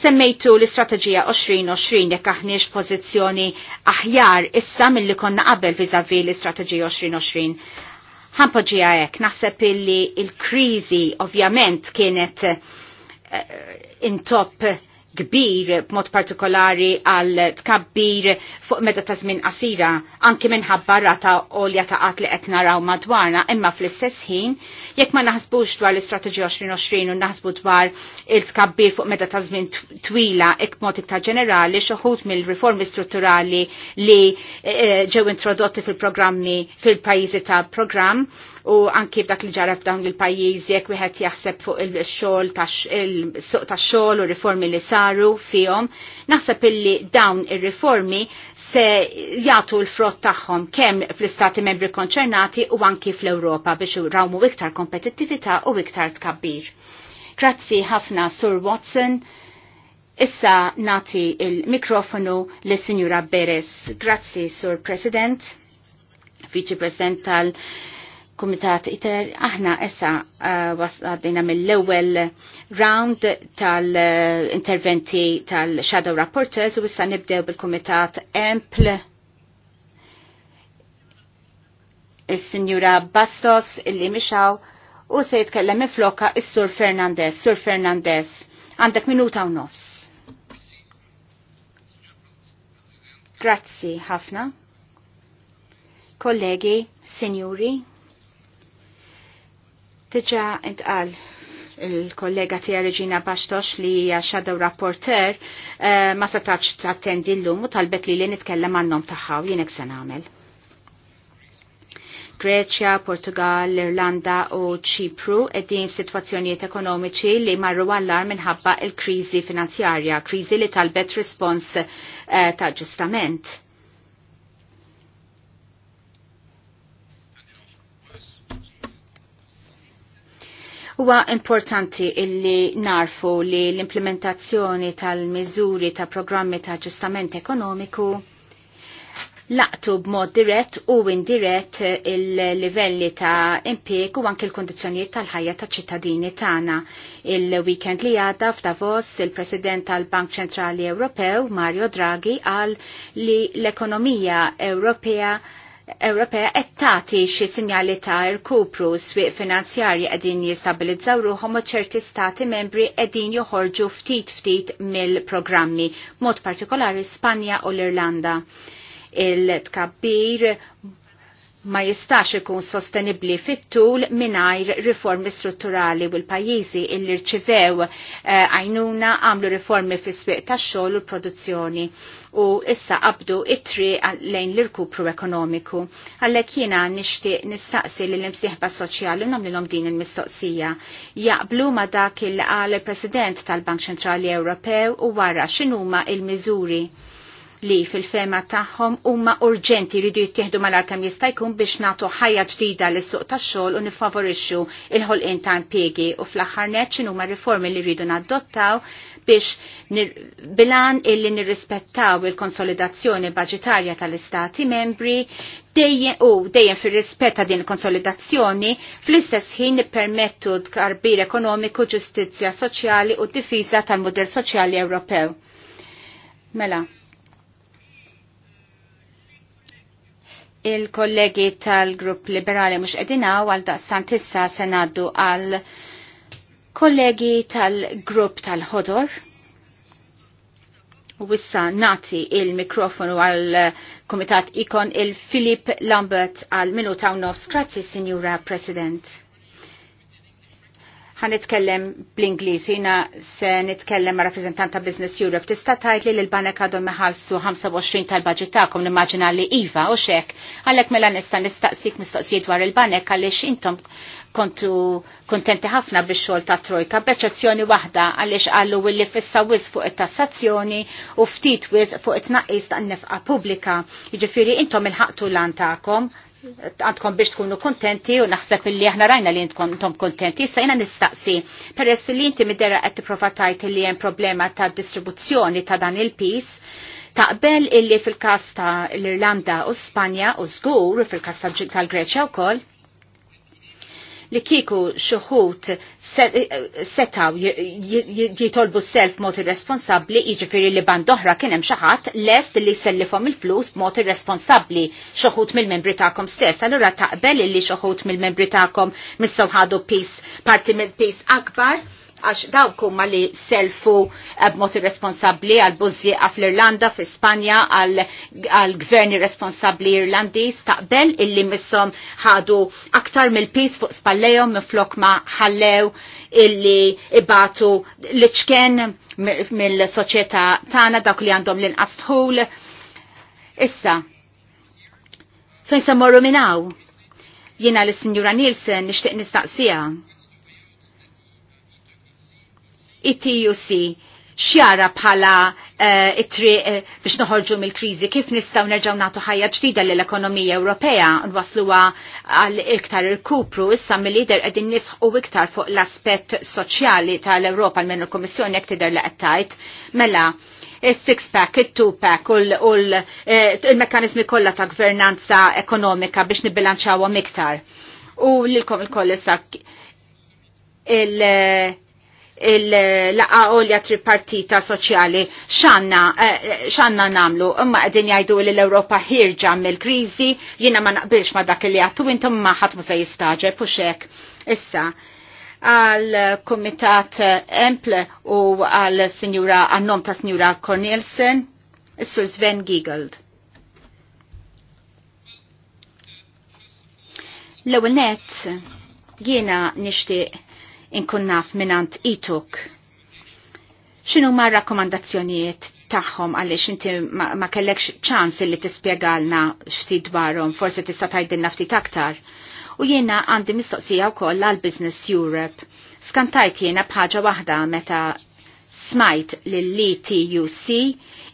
Semmejtu l-istrateġija 2020 jekk aħniex pożizzjoni aħjar issa milli konna qabel viżavi l-istrateġija 2020 ħampoġija hekk naħseb illi il-kriżi ovvjament kienet uh, intop uh, kbir b'mod partikolari għal tkabbir fuq meta ta' żmien qasira anki minħabba rata għolja ta' qatt li qed naraw madwarna imma fl-istess ħin jekk ma naħsbux dwar l-istrateġi 2020 u naħsbu dwar il-tkabbir fuq meta ta' żmien twila ek mod iktar ġenerali xoħut mill-riformi strutturali li eh, eh, ġew introdotti fil-programmi fil-pajjiżi ta' programm u anki f'dak li ġara f'dawn il-pajjiżi jekk wieħed jaħseb fuq il-xogħol il-suq tax-xogħol u riformi li saru fihom, naħseb illi dawn ir-riformi se jagħtu l-frott tagħhom kemm fl-istati membri konċernati u anki fl-Ewropa biex rawmu iktar kompetittività u iktar tkabbir. Grazzi ħafna Sur Watson. Issa nati il-mikrofonu li sinjura Beres. Grazzi, Sur President, Vice President tal- Kumitat Iter, aħna essa għaddina uh, mill-ewel round tal-interventi tal-Shadow Rapporters u issa nibdew bil-Kumitat Empl. Is-Sinjura Bastos illi mixaw u se jitkellem floka is-Sur Fernandez. Sur Fernandez, għandek minuta u nofs. Grazzi ħafna. Kollegi, signori, Tiġa intqal il-kollega tija Reġina Baxtox li hija shadow rapporter eh, ma setax tattendi llum u talbet li li nitkellem għannom tagħha u jien se nagħmel. Greċja, Portugal, l-Irlanda u ċipru edin situazzjonijiet ekonomiċi li marru għallar minħabba il-krizi finanzjarja, krizi li talbet rispons eh, ta' ġustament Huwa importanti illi narfu li l-implementazzjoni tal-miżuri ta' programmi ta' ġustament ekonomiku laqtu b'mod dirett u indirett il-livelli ta' impieg u anke l-kondizjonijiet tal-ħajja ta' ċittadini tagħna. Il-weekend li għadda f'Davos il-President tal-Bank Ċentrali Ewropew Mario Draghi qal li l-ekonomija Ewropea Ewropea qed tagħti xi sinjali ta' irkupru swieq finanzjarji qegħdin jistabilizzaw ruhom u ċerti stati membri qegħdin joħorġu ftit ftit mill-programmi, mod partikolari Spanja u l-Irlanda. Il-tkabbir ma jistax ikun sostenibli fit-tul mingħajr riformi strutturali u l-pajjiżi illi rċivew eh, għajnuna eh, għamlu riformi fis swieq tax-xogħol u l-produzzjoni u issa qabdu it-tri lejn l-irkupru ekonomiku. Għallek jiena nixtieq nistaqsi lill imsieħba soċjali u nagħmlilhom din il-mistoqsija. Jaqblu ma dak il għal president tal-Bank Ċentrali Ewropew u wara x'inhuma il-miżuri li fil-fema tagħhom huma urġenti jridu jittieħdu mal-arkam jista' jkun biex nagħtu ħajja ġdida lis suq tax-xogħol u nifavorixxu il-ħolqien ta' impjiegi u fl-aħħar nett x'inhuma riformi li rridu nadottaw biex bilan illi nirrispettaw il-konsolidazzjoni budgetarja tal-istati membri dejjem u dejjem fir-rispetta din il konsolidazzjoni fl-istess ħin nippermettu tkarbir ekonomiku, ġustizzja soċjali u d difiża tal-modell soċjali Ewropew. Mela, Il-kollegi tal-Grupp Liberali mux edina għal daqstan tissa senaddu għal kollegi tal-Grupp tal-ħodor. U wissa nati il-mikrofonu għal Komitat Ikon il-Filip Lambert għal minuta u nofs. Grazzi, Signora President ħanitkellem nitkellem bl-Inglis, jina se nitkellem ma' rappresentanta Business Europe. Tista' tajt li l-banek għadhom meħalsu 25 tal-budget ta'kom nimmaġina li iva u xek. Għalhekk mela nista' nistaqsik mistoqsijiet dwar il-banek għaliex intom kontu kontenti ħafna biex xogħol ta' trojka, b'eċezzjoni waħda għaliex għallu willi fissa wis fuq it-tassazzjoni u ftit wis fuq it naqis ta' nefqa pubblika. Jiġifieri intom il-ħaqtu lan tagħkom għandkom biex tkunu kontenti u naħseb li aħna rajna li intom kontenti, issa jena nistaqsi, peress li inti middera għed t-profatajt li jen problema ta' distribuzzjoni ta' dan il-pis, taqbel illi fil kasta ta' l-Irlanda u Spanja u zgur fil-kas tal-Greċja u koll, li kiku xuħut setaw jitolbu self moti responsabli iġifiri li bandoħra kienem xaħat lest li sellifom il-flus moti responsabli xuħut mill-membri ta'kom stess. Allura taqbel li xuħut mill-membri ta'kom missawħadu pis parti mil pis akbar għax dawk huma li selfu eh, b'mod irresponsabbli għal bużjieqa fl-Irlanda, fl-Ispanja, għal gverni responsabbli Irlandiż taqbel illi missom ħadu aktar mill-pis fuq spallejhom minflok ma ħallew illi ibatu l-ċken mill-soċjetà tagħna dawk li għandhom l-inqas tħul. Issa, fejn se minn minnaw? Jiena l-Sinjura Nielsen nixtieq nistaqsija it-TUC xjara bħala eh, it triq eh, biex noħorġu mill-krizi, kif nistaw nerġaw natu ħajja ġdida l-ekonomija Ewropea nwasluwa għal iktar il-kupru, issa mill-lider qegħdin u iktar fuq l-aspett soċjali tal-Ewropa l-men il komissjoni jekk tidher li qed mela il-six pack, il-two pack u eh, l-mekanizmi kollha ta' gvernanza ekonomika biex nibbilanċawhom iktar. U lilkom il-koll issa il- il-laqa olja tripartita soċjali xanna, eh, xanna namlu imma għedin jajdu li l-Europa ħirġa mill-krizi jina ma naqbilx ma dak li għattu intom ma ħatmu se jistaġe puxek issa għal komitat Emple u għal signora għannom ta' signora Cornelsen Sur Sven Giegeld. L-ewel net jiena nishtiq inkun naf minant ituk. Xinu ma' rakkomandazzjonijiet tagħhom għaliex inti ma kellekx ċans li tispjegalna x'ftit dwarhom, forsi tista' tgħidilna ftit aktar. U jiena għandi mistoqsija wkoll għal Business Europe. Skantajt jiena bħaġa waħda meta smajt lill-ETUC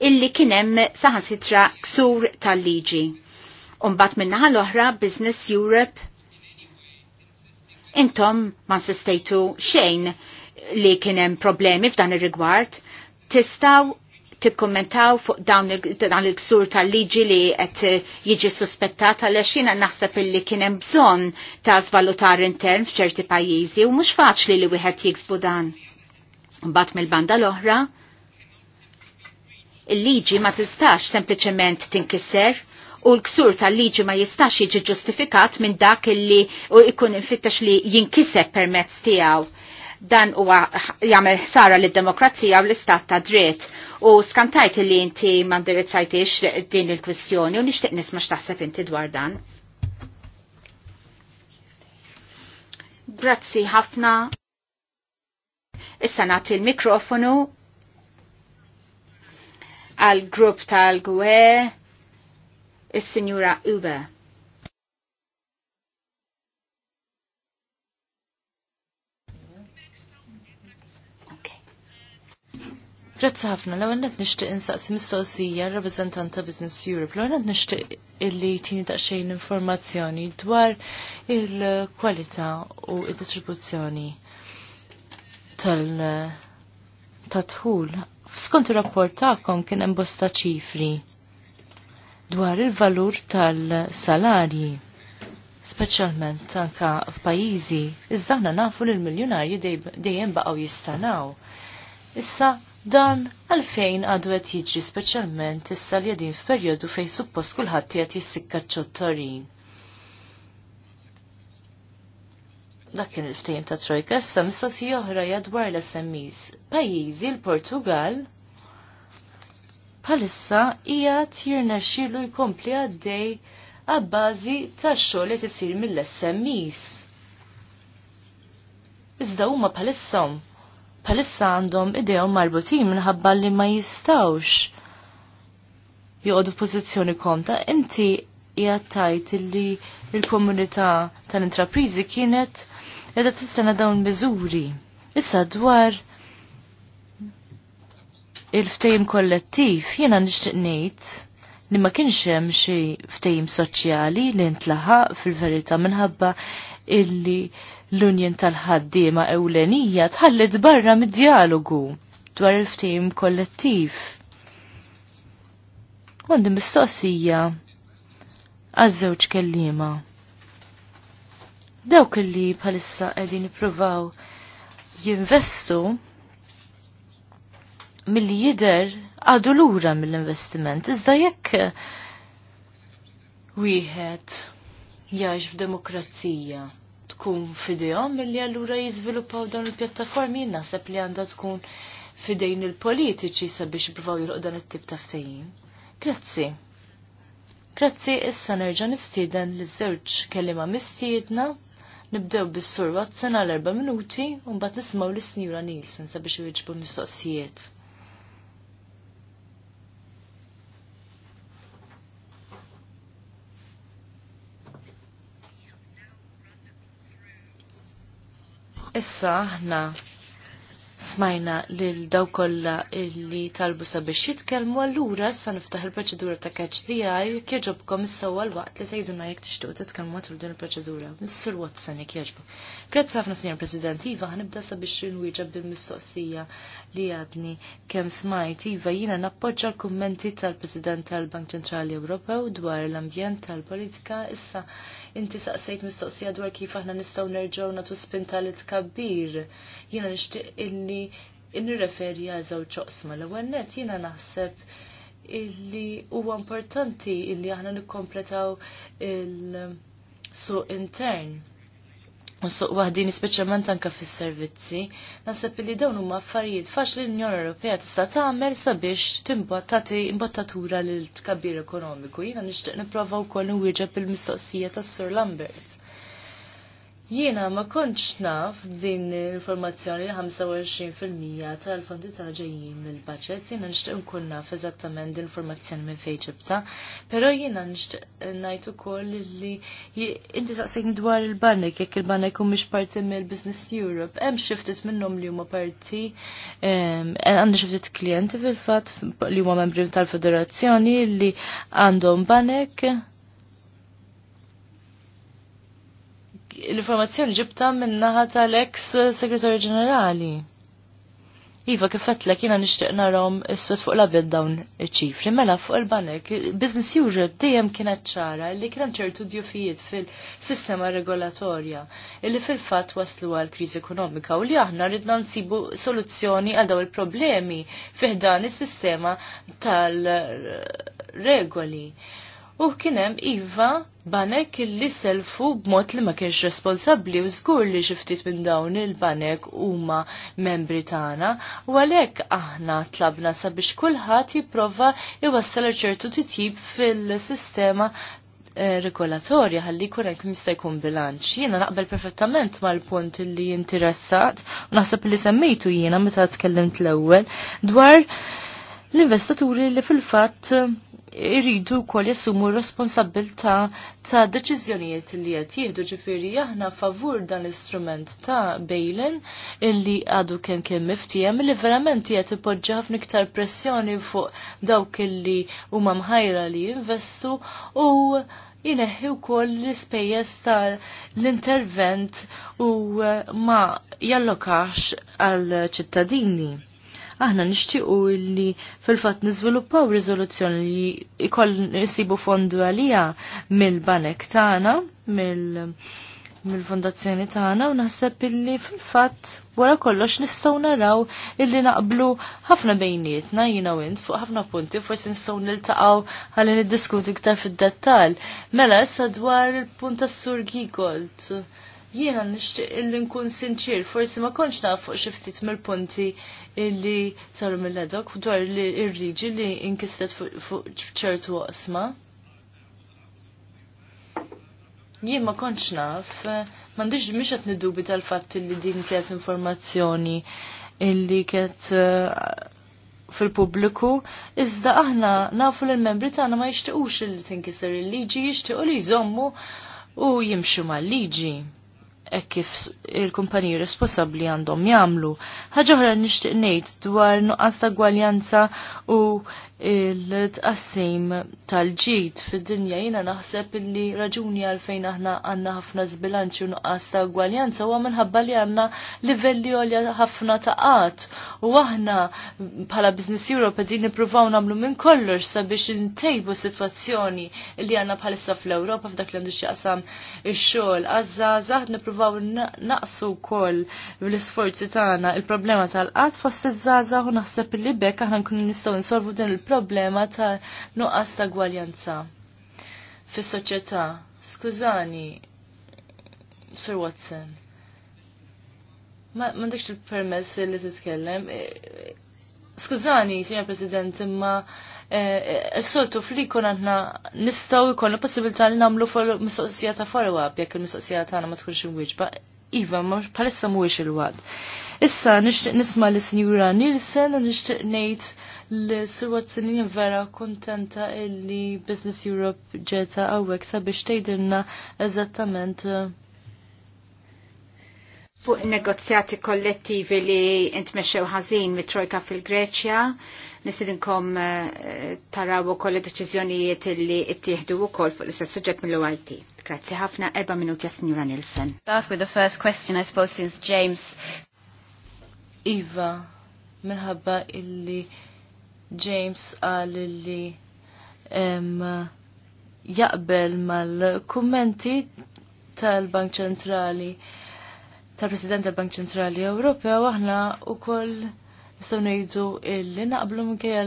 illi kienem saħansitra ksur tal-liġi. Umbat minna l-oħra Business Europe Intom ma sistejtu xejn li kienem problemi f'dan ir-rigward, tistaw tikkommentaw fuq dawn il-ksur tal-liġi li qed jiġi suspettat għaliex jiena naħseb illi kien hemm bżonn ta' żvalutar intern f'ċerti pajjiżi u mhux faċli li wieħed jiksbu dan. Mbagħad mill-banda l-oħra, il-liġi ma tistax sempliċement tinkisser u l-ksur tal-liġi ma jistax jiġi ġustifikat minn dak li ikun infittex li jinkiseb permezz tiegħu dan huwa jagħmel ħsara lid demokrazija u l-istat ta' dritt. U skantajt li inti mandirizzajtix din il-kwistjoni u nixtieq nisma' x'taħseb inti dwar dan. Grazzi ħafna. Issa nagħti l-mikrofonu għal grupp tal-gwe is-Sinjura Uber. Grazzi ħafna, l għannet nishtiq insaqsi mistoqsija rappresentanta Business Europe, l għannet nishtiq illi tini taqxejn informazzjoni dwar il-kwalità u il-distribuzzjoni tal-tatħul. Skont il-rapport kon kien hemm bosta ċifri dwar il-valur tal-salarji, speċjalment anka f'pajjiżi, iżda aħna nafu li l-miljonarji dejjem baqgħu jistanaw. Issa dan għalfejn għadu qed jiġri speċjalment issa li qegħdin f'perjodu fejn suppost kulħadd qed jissikka t Dak kien il-ftehim ta' Trojka issa mistoqsija oħra jadwar l-SMEs. Pajjiżi l-Portugal palissa ija tjirna xilu jkompli għaddej għabbażi tax-xogħol li tisir mill smis Iżda huma palissom, palissa għandhom idejhom marbutin minħabba li ma jistawx joqogħdu f'pożizzjoni komta. Inti jattajt li il-komunità tal-intraprizi kienet edha tistana dawn miżuri. Issa dwar il-ftejim kollettiv jiena nixtieq ngħid li ma kienx hemm xi ftejim soċjali li ntlaħaq fil-verità minħabba illi l-unjen tal-ħaddiema ewlenija tħallet barra mid-dialogu dwar il-ftejim kollettiv. Għandi mistoqsija għaż-żewġ kelliema. Dawk illi bħalissa qegħdin ippruvaw jinvestu milli jider għadu lura mill-investiment. Iżda jekk wieħed jgħix f'demokrazija tkun fidejhom milli allura jiżviluppaw dawn il-pjattaformi naħseb li għandha tkun fidejn il-politiċi sabiex jippruvaw jilqu dan it-tip ta' ftehim. Grazzi. Grazzi issa nerġa' nistieden li żewġ kelima mistiedna. Nibdew bis-sur Watson għal erba' minuti u mbagħad nismaw lis-Sinjura Nielsen sabiex jwieġbu mistoqsijiet. Issa aħna smajna lil daw kollha illi talbu sabiex jitkellmu allura issa niftaħ il-proċedura ta' catch the eye jekk jogħġobkom is-sewwa l-waqt li sejduna jekk tixtuq titkellmu matul din il-proċedura. Mr. Watson jekk jogħġbok. Grazzi ħafna Sinjor President, iva ħnibda sabiex inwieġeb bil-mistoqsija li għadni kemm smajt iva jiena nappoġġa l-kummenti tal-President tal-Bank Ċentrali Ewropew dwar l-ambjent tal-politika issa inti saqsejt mistoqsija dwar kif aħna nistgħu nerġgħu nagħtu spinta li tkabbir. Jiena nixtieq illi nirreferi għal żewġ oqsma. L-ewwel nett jiena naħseb illi huwa importanti illi aħna nikkompletaw il-suq intern Suq waħdin speċjalment anke fis-servizzi, naħseb li dawn huma affarijiet faċli l-Unjoni Ewropea tista' tagħmel sabiex tagħti imbottatura lil tkabbir ekonomiku. Jiena nixtieq nipprova wkoll nwieġeb il-mistoqsija tas-Sur Lambert. Jiena ma kontx naf din l-informazzjoni li 25% tal-fondi tal-ġejjin mill-budget, jiena nixtieq nkun naf eżattament din l-informazzjoni minn fej ġibta, però jiena nixtieq ngħid ukoll li inti taqsejn dwar il-banek jekk il-banek mhumiex parti mill-Business Europe, hemm xiftit minnhom li huma parti għandna xiftit klijenti fil-fatt li huma membri tal-federazzjoni li għandhom banek l-informazzjoni ġibta minnaħa tal-ex segretarju ġenerali. Iva, kifetlek jina nishtiq narom isfet fuq labjad dawn iċ-ċifri, mela fuq il-banek, Business Europe dejjem kienet ċara li kien hemm ċertu djufijiet fil-sistema regolatorja illi fil-fatt waslu għal kriżi ekonomika u li aħna ridna nsibu soluzzjoni għal daw il-problemi fiħdan is-sistema tal-regoli u kienem iva banek li selfu b'mod li ma kienx responsabli u żgur li xiftit minn dawn il-banek huma membri tagħna u għalhekk aħna tlabna sabiex kulħadd jipprova iwassal ċertu titjib fil-sistema eh, regolatorja ħalli jkun hekk jista' jkun bilanċ. Jiena naqbel perfettament mal-punt li interessat u naħseb li semmejtu jiena meta tkellimt l-ewwel dwar l-investaturi li fil-fatt irridu kol jessumu responsabilta ta' deċizjonijiet li qed jieħdu ġifieri aħna favur dan l-istrument ta' Bejlen illi għadu kemm kien miftijem li verament qed ipoġġi ħafna iktar pressjoni fuq dawk illi huma mħajra li jinvestu u jineħi wkoll l-ispejjeż ta' l-intervent u ma jallokax għal ċittadini aħna nixtiequ li fil-fatt niżviluppaw riżoluzzjoni li ikoll nisibu fondu għalija mill-banek tagħna, mill fondazzjoni fondazzjoni tagħna u naħseb illi fil-fatt wara kollox nistgħu naraw illi naqblu ħafna bejnietna jiena u int fuq ħafna punti forsi nistgħu niltaqgħu ħalli niddiskuti iktar fid-dettall. Mela issa dwar il-punt tas-Sur Gigold jiena nixtieq illi nkun sinċir, forsi ma konċ naf fuq xi ftit mill-punti illi saru mill ledok dwar ir irriġi li inkislet fuq ċertu waqsma. Jien ma konċ naf, m'għandix mhix qed nidubi tal-fatt li din kienet informazzjoni illi kienet eh, fil-pubbliku, iżda aħna nafu l-membri tagħna ma jixtiequx li tinkisser il-liġi, jixtiequ li jżommu u jimxu mal-liġi e kif il-kumpaniji responsabbli għandhom jagħmlu. Ħaġa oħra nixtieq ngħid dwar nuqqas ta' gwaljanza u l tqassim tal-ġid fid-dinja jiena naħseb illi raġuni għalfejn aħna għandna ħafna żbilanċ u nuqqas ta' gwaljanza huwa minħabba li għandna livelli għolja ħafna ta' qatt u aħna bħala Business Europe qegħdin nippruvaw nagħmlu minn kollox sabiex intejbu sitwazzjoni li għandna bħalissa fl-Ewropa f'dak li għandu xi qasam ix-xogħol. Għażażaħ nippruvaw nipruvaw naqsu wkoll l-isforzi tagħna il-problema tal-qatt fost iż-żgħażagħ u naħseb li bekk aħna nkunu nistgħu nsolvu din il-problema ta' nuqqas ta' gwaljanza fis-soċjetà. Skużani, Sir Watson. Ma m'għandekx il-permess li titkellem. E, e, skużani, Signor President, imma Eh, s-soltu fli kun għandna nistaw ikon l-possibilità li namlu mistoqsija ta' follow-up jekk il-mistoqsija ta' għana ma tkunx ba' Iva, ma palissa mhuwiex il-wad. Issa nixtieq nisma li Sinjura Nielsen u nixtieq ngħid li Sir Watson vera kontenta illi Business Europe ġeta hawnhekk sabiex tgħidilna eżattament eh, fuq negozjati kollettivi li intmexxew ħażin mit-Trojka fil-Greċja Nisidinkom eh, taraw u koll deċizjonijiet li ittieħdu u koll fuq l-istess suġġett mill-OIT. Grazie ħafna, erba minuti għas Signora Nilsen. Start with the first question, I suppose, since James. Iva, minħabba illi James għal illi jaqbel mal-kummenti tal-Bank Ċentrali tal-President tal-Bank Ċentrali Ewropew aħna wkoll Nistaw ngħidu illi naqblu minkejja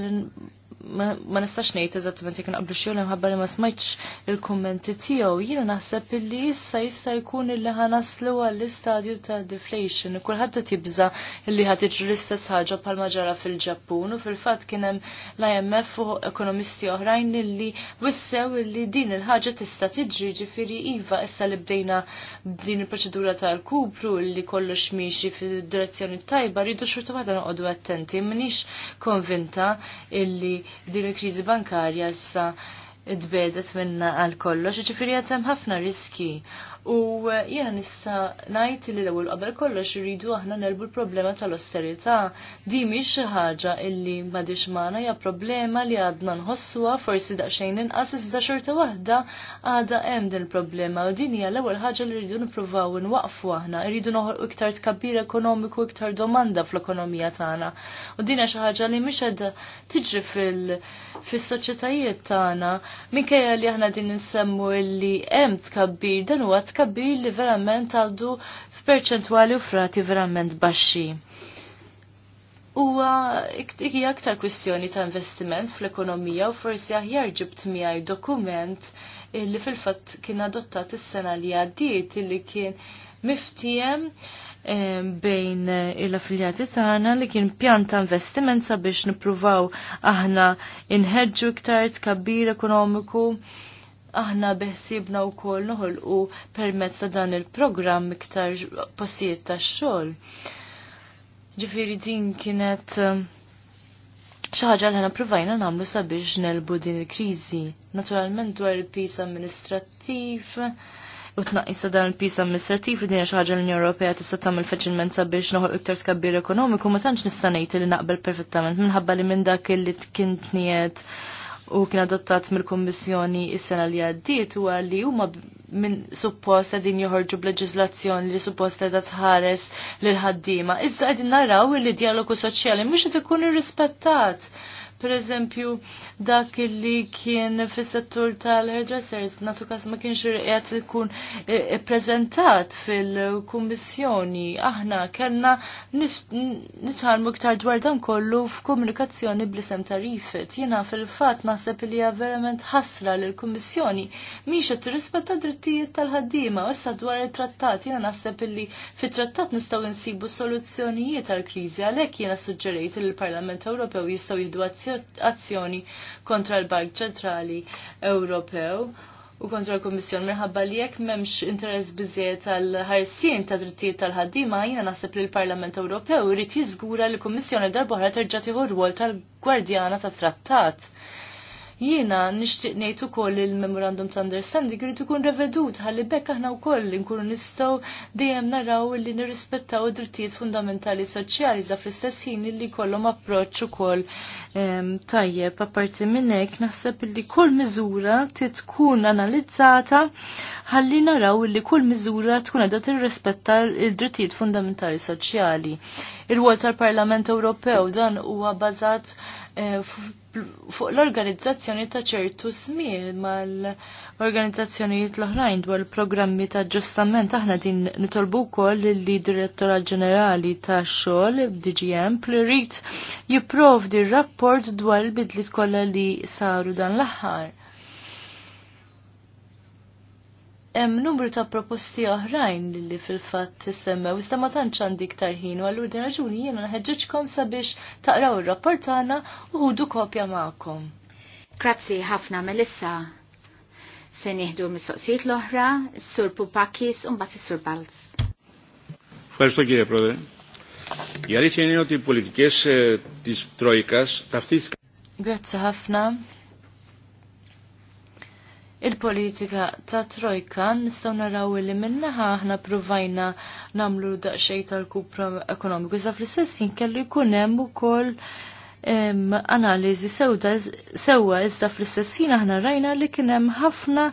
ma nistax ngħid eżattament jekk naqblu xi minħabba li ma smajtx il-kummenti tiegħu, jiena naħseb illi issa issa jkun illi ħanaslu għall-istadju ta' deflation. Kulħadd qed jibża illi ħad tiġri l-istess ħaġa bħalma ġara fil-Ġappun u fil-fatt kien hemm l-IMF u ekonomisti oħrajn illi wissew illi din il-ħaġa tista' tiġri ġifieri iva issa li bdejna din il-proċedura tal-kubru illi kollox miexi fid-direzzjoni tajba rridu xorta waħda noqogħdu attenti. m'hinix konvinta illi din il-kriżi bankarja issa bedet minna għal kollox, ġifieri qed hemm ħafna riski. U eh, jiena nista' ngħid li l-ewwel qabel kollox irridu aħna nelbu l-problema tal-osterità. Di miex xi ħaġa illi m'għadix magħna hija problema li għadna nħossuha forsi daqsxejn inqas iżda xorta waħda għadha hemm din il-problema u din hija l-ewwel ħaġa li rridu nippruvaw inwaqfu aħna, jridu noħol iktar tkabbir ekonomiku iktar domanda fl-ekonomija tagħna. U din hija xi ħaġa li mhix qed tiġri fil fis-soċjetajiet tagħna minkejja li aħna din insemmu li hemm tkabbir dan huwa kabir li verament għaddu f'perċentwali u frati verament baxxi. Uwa, hija aktar kwistjoni ta' investiment fl-ekonomija u forsi aħjar ġibt miegħi dokument li fil-fatt kien adottat is-sena li għaddiet li kien miftiem bejn eh, l-affiljati tagħna li kien pjan ta' investiment sabiex nippruvaw aħna inħeġġu iktar tkabbir ekonomiku aħna beħsibna u kol noħolqu permezz ta' dan il-programm iktar postijiet ta' xogħol. Ġifieri din kienet eh, xi ħaġa ħana provajna nagħmlu sabiex nelbu din il-kriżi. Naturalment dwar il-pis amministrattiv, u tnaqqis ta' dan il-pis amministrativ li dinja xaħġa l-Unjoni Ewropea tista' tagħmel faċilment sabiex noħol iktar tkabbir ekonomiku ma tantx nista' ngħid li naqbel perfettament minħabba li minn dak li kint u kien adottat mill-Kommissjoni is-sena li għaddiet huwa li huma minn suppost qegħdin joħorġu b'leġislazzjoni li suppost qiegħda tħares lil ħaddima Iżda qegħdin naraw li dialogu soċjali mhux qed ikun irrispettat. rispettat pereżempju dak li kien fis-settur tal-hairdressers natu kas ma kienx qiegħed ikun ippreżentat e, e, fil-kummissjoni. Aħna kellna nitħalmu iktar dwar dan kollu f'komunikazzjoni bl-isem tarifet. Jiena fil-fatt naħseb li hija verament ħasra lill kummissjoni mhix qed tirrispetta drittijiet tal-ħaddiema u issa dwar it-trattat jiena naħseb li fit-trattat nistgħu insibu soluzzjonijiet għall-kriżi għalhekk jiena suġġerejt lill parlament Ewropew jistgħu jieħdu azzjoni azzjoni kontra l-Bank Ċentrali Ewropew u kontra l-Kommissjon minħabba li jekk m'hemmx interess biżejjed tal-ħarsien ta' drittijiet tal-ħaddiema jiena naħseb li l-Parlament Ewropew irid jiżgura li l-Kummissjoni darbohra terġa' tieħu r rwol tal-gwardjana tat-trattat. Jiena nixtieq ngħid ukoll il-memorandum ta' understanding irid ikun revedut ħalli bekk aħna wkoll inkunu nistgħu dejjem naraw li nirrispettaw id-drittijiet fundamentali soċjali za fl-istess ħin li jkollhom approċċ ukoll ehm, tajjeb apparti minn hekk naħseb li kull miżura tkun analizzata ħalli naraw li kull miżura tkun għadha tirrispetta l-drittijiet fundamentali soċjali. Il-wol tal-Parlament Ewropew dan huwa bażat eh, fuq l-organizzazzjoni ta' ċertu smie mal-organizzazzjonijiet l-oħrajn dwar programmi ta' ġustament aħna din nitolbu wkoll li direttora ġenerali ta' xogħol DGM plirit jipprovdi rapport dwar il-bidliet kollha li saru dan l-aħħar. hemm numru ta' proposti oħrajn li fil-fatt tissemmew, iżda ma tantx għandi iktar ħin u allura din raġuni jiena nħeġġeġkom sabiex taqraw ir-rapport tagħna u ħudu kopja magħkom. Grazzi ħafna Melissa. Se nieħdu mistoqsijiet l-oħra, sur Pupakis u mbagħad is-sur Balz. Ευχαριστώ κύριε Πρόεδρε. Η αλήθεια είναι ότι οι ħafna, il-politika ta' trojka nistgħu naraw li minnaħa aħna provajna namlu daqsxejn tal-kupra ekonomiku. za fl-istess kellu jkun hemm ukoll analiżi sewwa iżda fl sessin aħna rajna li kien hemm ħafna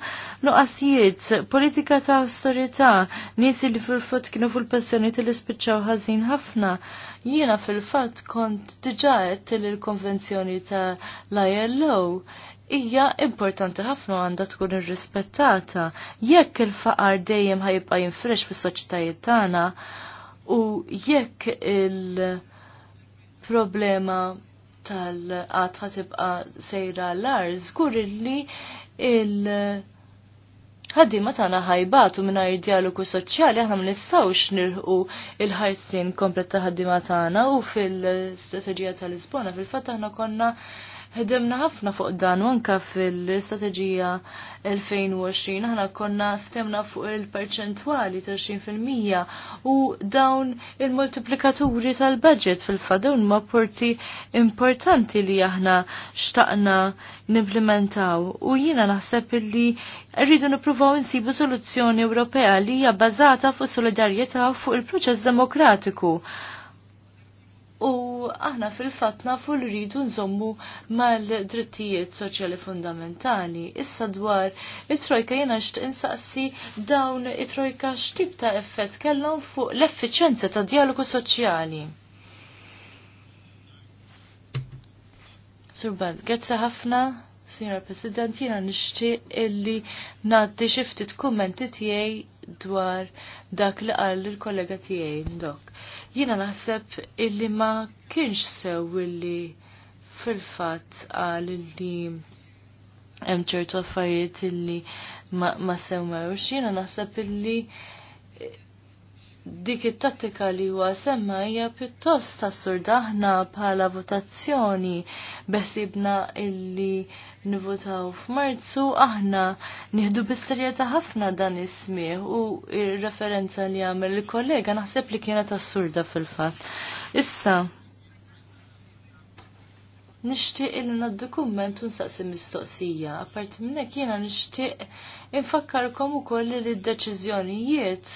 nuqasijiet, politika ta' awtorità, nies li fil-fatt kienu fil-pensjoniet li spiċċaw ħażin ħafna. Jiena fil-fatt kont diġà qed il-konvenzjoni ta' l-ILO hija importanti ħafna għandha tkun irrispettata. Jekk il-faqar dejjem ħajibqa' jinfresh fis-soċjetajiet tagħna u jekk il-problema tal-qatt tibqa sejra l-ar, żgur li il- ħaddima tagħna ħajbatu mingħajr dialogu soċjali aħna ma nistgħux nirħu il-ħarsin komplet ta' ħaddima tagħna u fil-istrateġija tal-Lisbona fil-fatt aħna konna ħedemna ħafna fuq dan anka fil-istrateġija 2020 aħna konna ftemna fuq il-perċentwali ta' 20% u dawn il-multiplikaturi tal-budget fil-fadun ma' porti importanti li aħna xtaqna nimplementaw u jina naħseb li rridu nipruvaw insibu soluzzjoni Ewropea li hija bażata fuq solidarjetà fuq il-proċess demokratiku U aħna fil-fatt nafu li rridu nżommu mal-drittijiet soċjali fundamentali. Issa dwar it-trojka jena insaqsi dawn it-trojka x'tib ta' effett kellhom fuq l-effiċenza ta' dialogu soċjali. Surbad, grazzi ħafna, Signor President, jena nixtieq illi ngħaddi xi ftit kummenti tiegħi dwar dak li qal il-kollega tiegħi ndok. Jiena naħseb illi ma kienx sew illi fil-fatt qal illi hemm ċertu affarijiet illi ma, ma sewmewx. Jiena naħseb illi dik it-tattika li huwa semma hija pjuttost assurda aħna bħala votazzjoni beħsibna illi nivutaw f'Marzu aħna nieħdu bis-serjetà ħafna dan ismih u ir-referenza li għamel il-kollega naħseb li kienet assurda fil-fatt. Issa nixtieq il nad-dokument u nsaqsi mistoqsija. Apparti minn hekk jiena nixtieq infakkarkom ukoll li d-deċiżjonijiet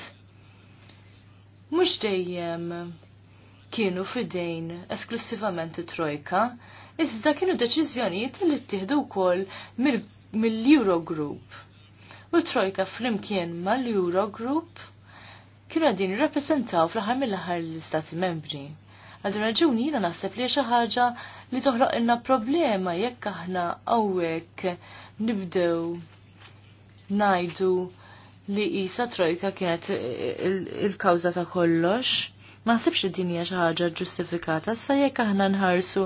mhux dejjem kienu fidejn esklusivament trojka, iżda kienu deċiżjonijiet li ttieħdu wkoll mill-Eurogroup. U trojka flimkien mal-Eurogroup kienu għadin rappresentaw fl-ħar mill-ħar l-Istati membri. Għadu raġuni jina naħseb li xi ħaġa li toħloq ilna problema jekk aħna hawnhekk nibdew najdu li isa trojka kienet il-kawza ta' kollox. Ma sibx li dinja xi ħaġa ġustifikata, sa jekk aħna nħarsu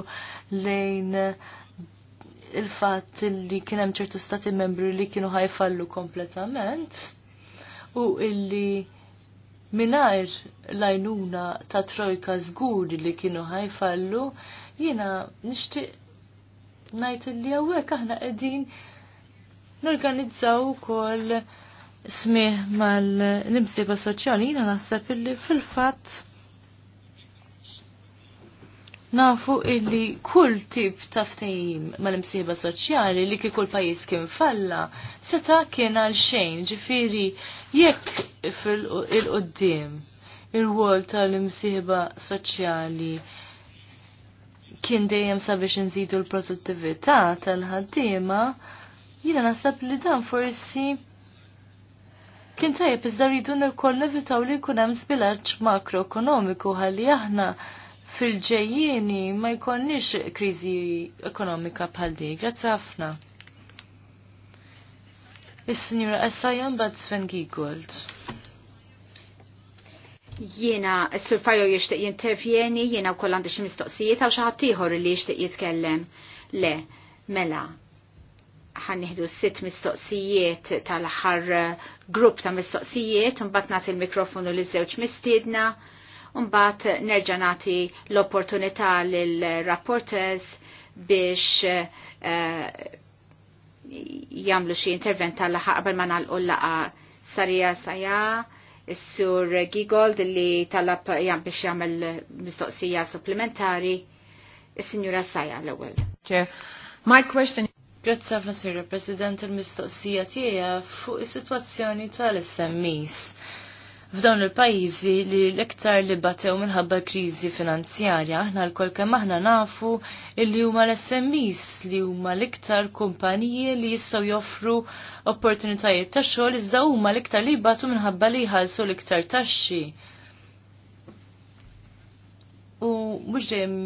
lejn il-fatt li kien hemm ċertu stati membri li kienu ħajfallu kompletament u illi mingħajr lajnuna ta' trojka żgur li kienu ħajfallu, jiena nixtieq najt li hawnhekk aħna qegħdin organizzaw ukoll smieħ mal-imsiba soċjali jina naħseb illi fil-fatt nafu illi kull tip ta' ftehim mal-imsieba soċjali li ki kull pajjiż kien falla seta kien għal xejn ġifieri jekk fil qoddim ir-wol tal-imsieba soċjali kien dejjem sabiex inżidu l-produttività tal-ħaddiema jiena naħseb li dan forsi kien tajjeb iżda rridu wkoll nevitaw li jkun hemm zbilanċ makroekonomiku ħalli aħna fil-ġejjieni ma jkollniex kriżi ekonomika bħal di. Grazzi ħafna. Is-Sinjura Essajan Bad Sven Gigold. Jiena, s-sur Fajo jishtiq jintervjeni, jiena u għandi xi mistoqsijiet għaw xaħat tiħor li jishtiq jitkellem. Le, mela, ħanniħdu sitt mistoqsijiet tal-ħar uh, grupp ta' mistoqsijiet, unbat nagħti il-mikrofonu li żewġ mistiedna, unbat nerġa' nagħti l-opportunità l rapporters biex uh, jagħmlu xi intervent tal-ħar qabel ma nagħlqu laqa sarija saja is-sur Gigold li talab biex jagħmel mistoqsija supplementari is-Sinjura Saja l-ewwel. My question Grazzi ħafna Sir President il-mistoqsija tiegħi fuq is-sitwazzjoni tal-SMEs f'dawn il-pajjiżi li l-iktar li batew minħabba kriżi finanzjarja aħna l-kol kemm aħna nafu li huma l-SMEs li huma l-iktar kumpaniji li jistgħu joffru opportunitajiet ta' xogħol iżda huma l-iktar li batu minħabba li jħallsu l-iktar taxxi. U mhux dejjem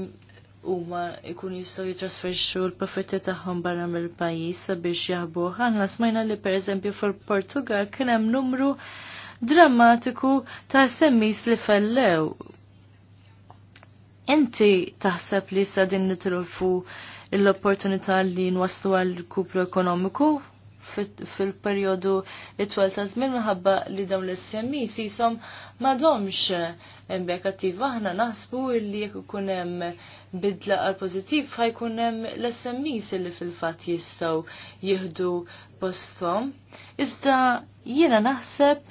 huma jkun jistgħu jitrasferxu l-profitti tagħhom barra mill-pajjiż sabiex jaħbuh Aħna smajna li pereżempju fil-Portugal kien hemm numru drammatiku ta' semmis li fellew. Inti taħseb li sa din nitilfu l-opportunità li nwaslu għal kuplu ekonomiku fil-periodu it-twel ta' żmien minħabba li dawn l-SMI sisom m'għadhomx hemmhekk attiv aħna naħsbu li jekk ikun hemm bidla għal pożittiv jkun hemm l smi li fil-fatt jistgħu jieħdu posthom. Iżda jiena naħseb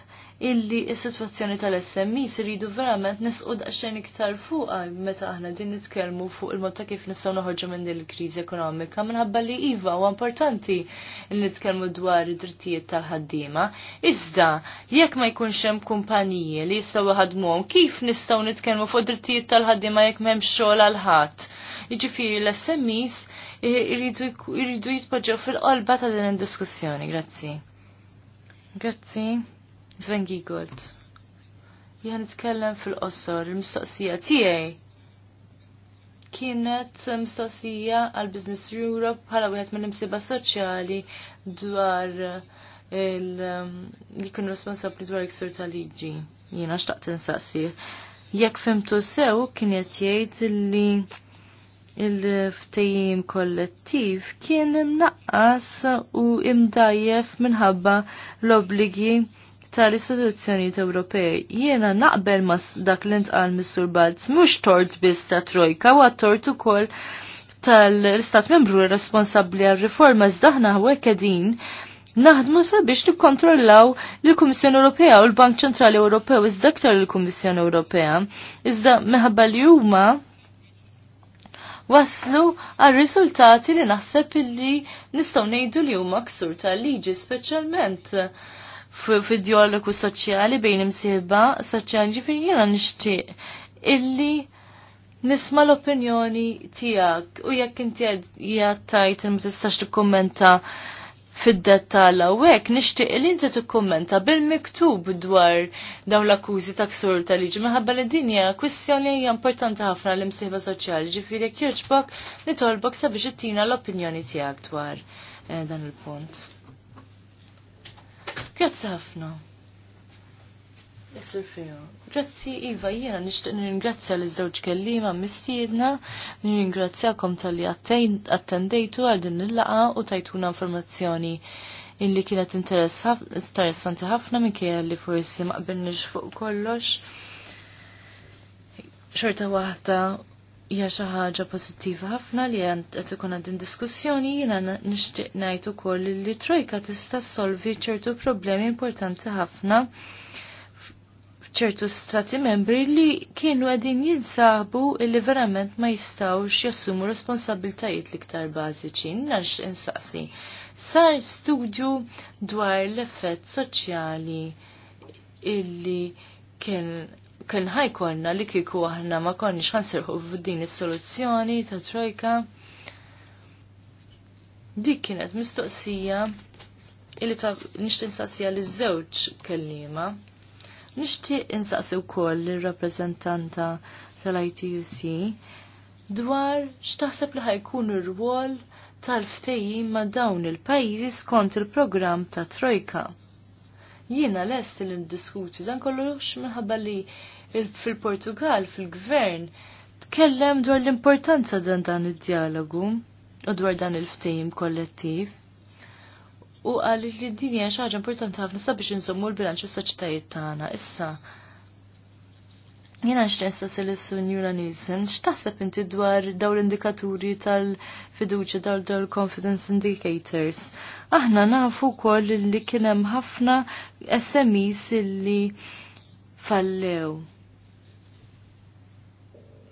illi s-sitwazzjoni tal-SMI s-ridu verament nisqu daqsxejn iktar fuqha meta aħna din nitkellmu fuq il-mod ta' kif nistgħu noħorġu minn din il-kriżi ekonomika minħabba li iva u importanti li nitkellmu dwar id-drittijiet tal-ħaddiema. Iżda jekk ma jkunx hemm kumpaniji li jistgħu ħadmuhom kif nistgħu nitkellmu fuq id-drittijiet tal-ħaddiema jekk m'hemmx xogħol għal ħadd. Jiġifieri l smis iridu jitpoġġew fil qolba ta' din id-diskussjoni. Grazzi. Grazzi. Sven Giegold. Jgħan nitkellem fil-qossor, il-mistoqsija tiegħi kienet mistoqsija għal Business Europe bħala wieħed mill-imsiba soċjali dwar um, li kienu responsabbli dwar iksur tal-liġi. Jiena xtaqt insaqsi. Jekk femtu sew kienet jgħid li il-ftejim kollettiv kien imnaqqas u imdajjef minħabba l-obligi tal-istituzzjonijiet Ewropej. Jiena naqbel ma dak li ntqal mis-Sur Balz mhux tort biss ta' Trojka u tort ukoll tal-Istat Membru responsabbli għal-riforma żdaħna hawnhekk qegħdin Naħdmu sabiex nikkontrollaw l-Kummissjoni Ewropea u l-Bank Ċentrali Ewropew iżda aktar l-Kummissjoni Ewropea. Iżda meħabba li huma waslu għal riżultati li naħseb illi nistgħu ngħidu li huma ksur tal-liġi speċjalment fid-dialogu soċjali bejn imsieba soċjali ġifiri jiena nixtieq illi nisma l-opinjoni tiegħek u jekk inti qiegħed tajt li ma tistax tikkummenta fid u hawnhekk nixtieq illi inti tikkummenta bil-miktub dwar dawn l-akkużi ta' ksur tal-liġi minħabba li dinja kwistjoni hija importanti ħafna l imsieħba soċjali ġifieri jek jogħġbok nitolbok sabiex ittina l-opinjoni tiegħek dwar eh, dan il-punt. Grazzi ħafna. fiju. Grazzi Iva, jiena nishtiq ningrazzja l żewġ kellima mistiedna, ningrazzjakom tal-li attendejtu għal din il-laqa u tajtuna informazzjoni illi kienet interessanti ħafna minn li forsi maqbilniex fuq kollox. Xorta waħda hija xi ħaġa pożittiva ħafna li qed ikun għandin diskussjoni jiena nixtieq ngħid ukoll li trojka tista' solvi ċertu problemi importanti ħafna ċertu strati membri li kienu għedin jinsabu illi verament ma jistawx jassumu responsabiltajiet l-iktar bażiċi. Nax insaqsi. Sar studju dwar l-effett soċjali illi kien kien ħajkonna li kieku aħna ma konniex ħansirħu f'din is-soluzzjoni ta' trojka. Dik kienet mistoqsija illi ta' nixtieq insaqsija li żewġ kellima. Nixtieq insaqsi wkoll ir-rappreżentanta tal-ITUC dwar x'taħseb li ħajkun ir-rwol tal-ftejjim ma' dawn il-pajjiżi skont il-programm ta' Trojka. Jiena lest li ndiskuti dan kollox minħabba li fil-Portugal, fil-gvern, tkellem dwar l-importanza dan dan id-dialogu u dwar dan il-ftejim kollettiv. U għalli li din hija xi ħaġa importanti ħafna sabiex insommu l-bilanċ fis-soċjetajiet tagħna. Issa, Jena nxtensa s-selisu Njura Nielsen, xtaħseb inti dwar daw l-indikaturi tal-fiduċa, tal confidence indicators. Aħna nafu kol li kienem ħafna SMEs li fallew.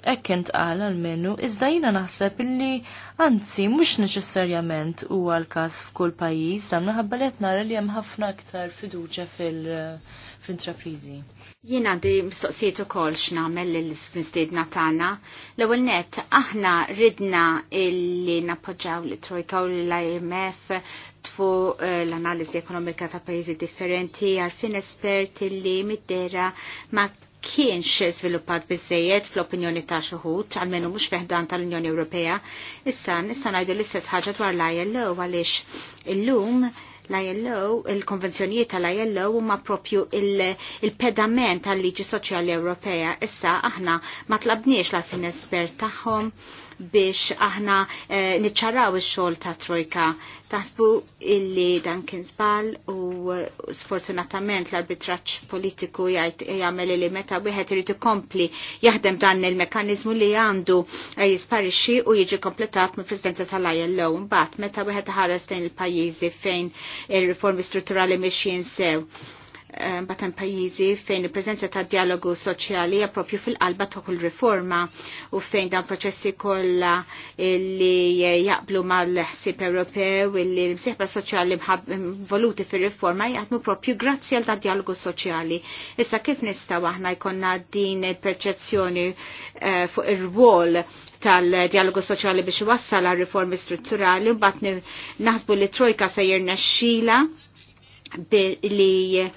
Ekk intqal għal menu iżda jina naħseb illi anzi mhux neċessarjament huwa l-każ f'kull pajjiż dan minħabba li qed nara li hemm ħafna aktar fiduċja fil-intrapriżi. Jien għandi mistoqsijiet ukoll x'nagħmel lill-istniedna tagħna. L-ewwel nett aħna ridna illi nappoġġaw li trojka u l-IMF tfu eh, l-analiżi ekonomika ta' pajjiżi differenti għarfin esperti li middera ma' kienx sviluppat bizzejiet fl-opinjoni ta' xuħut, għalmenu mux feħdan tal-Unjoni Ewropea, issa nista' ngħidu l-istess ħaġa dwar l-ILO għaliex illum l-ILO, il-konvenzjonijiet tal-ILO huma propju il-pedament tal-liġi soċjali Ewropea. Issa aħna ma tlabniex l-arfin espert tagħhom biex aħna eh, niċċaraw ix-xogħol ta' Trojka Taħsbu illi dan kien żball u sfortunatament l-arbitraċ politiku jagħmel li meta wieħed irid ikompli jaħdem dan il-mekkaniżmu li għandu eh, jisparixxi u jiġi kompletat mill-Presidenza tal-ILO. Mbagħad meta wieħed ħares lejn il-pajjiżi fejn ir-riformi strutturali mixjin sew Eh, batan pajizi fejn il-prezenza ta' dialogu soċjali propju fil-qalba ta' kull riforma u fejn dan proċessi kolla li jaqblu mal-ħsib Ewropew li l-msieħba soċjali voluti fil-riforma jgħatmu propju grazzi għal ta' dialogu soċjali. Issa kif nistaw aħna jkonna din il-perċezzjoni eh, fuq ir-wol tal-dialogu soċjali biex wassal għal riformi strutturali u bat naħsbu li trojka sejjer jirnexxila li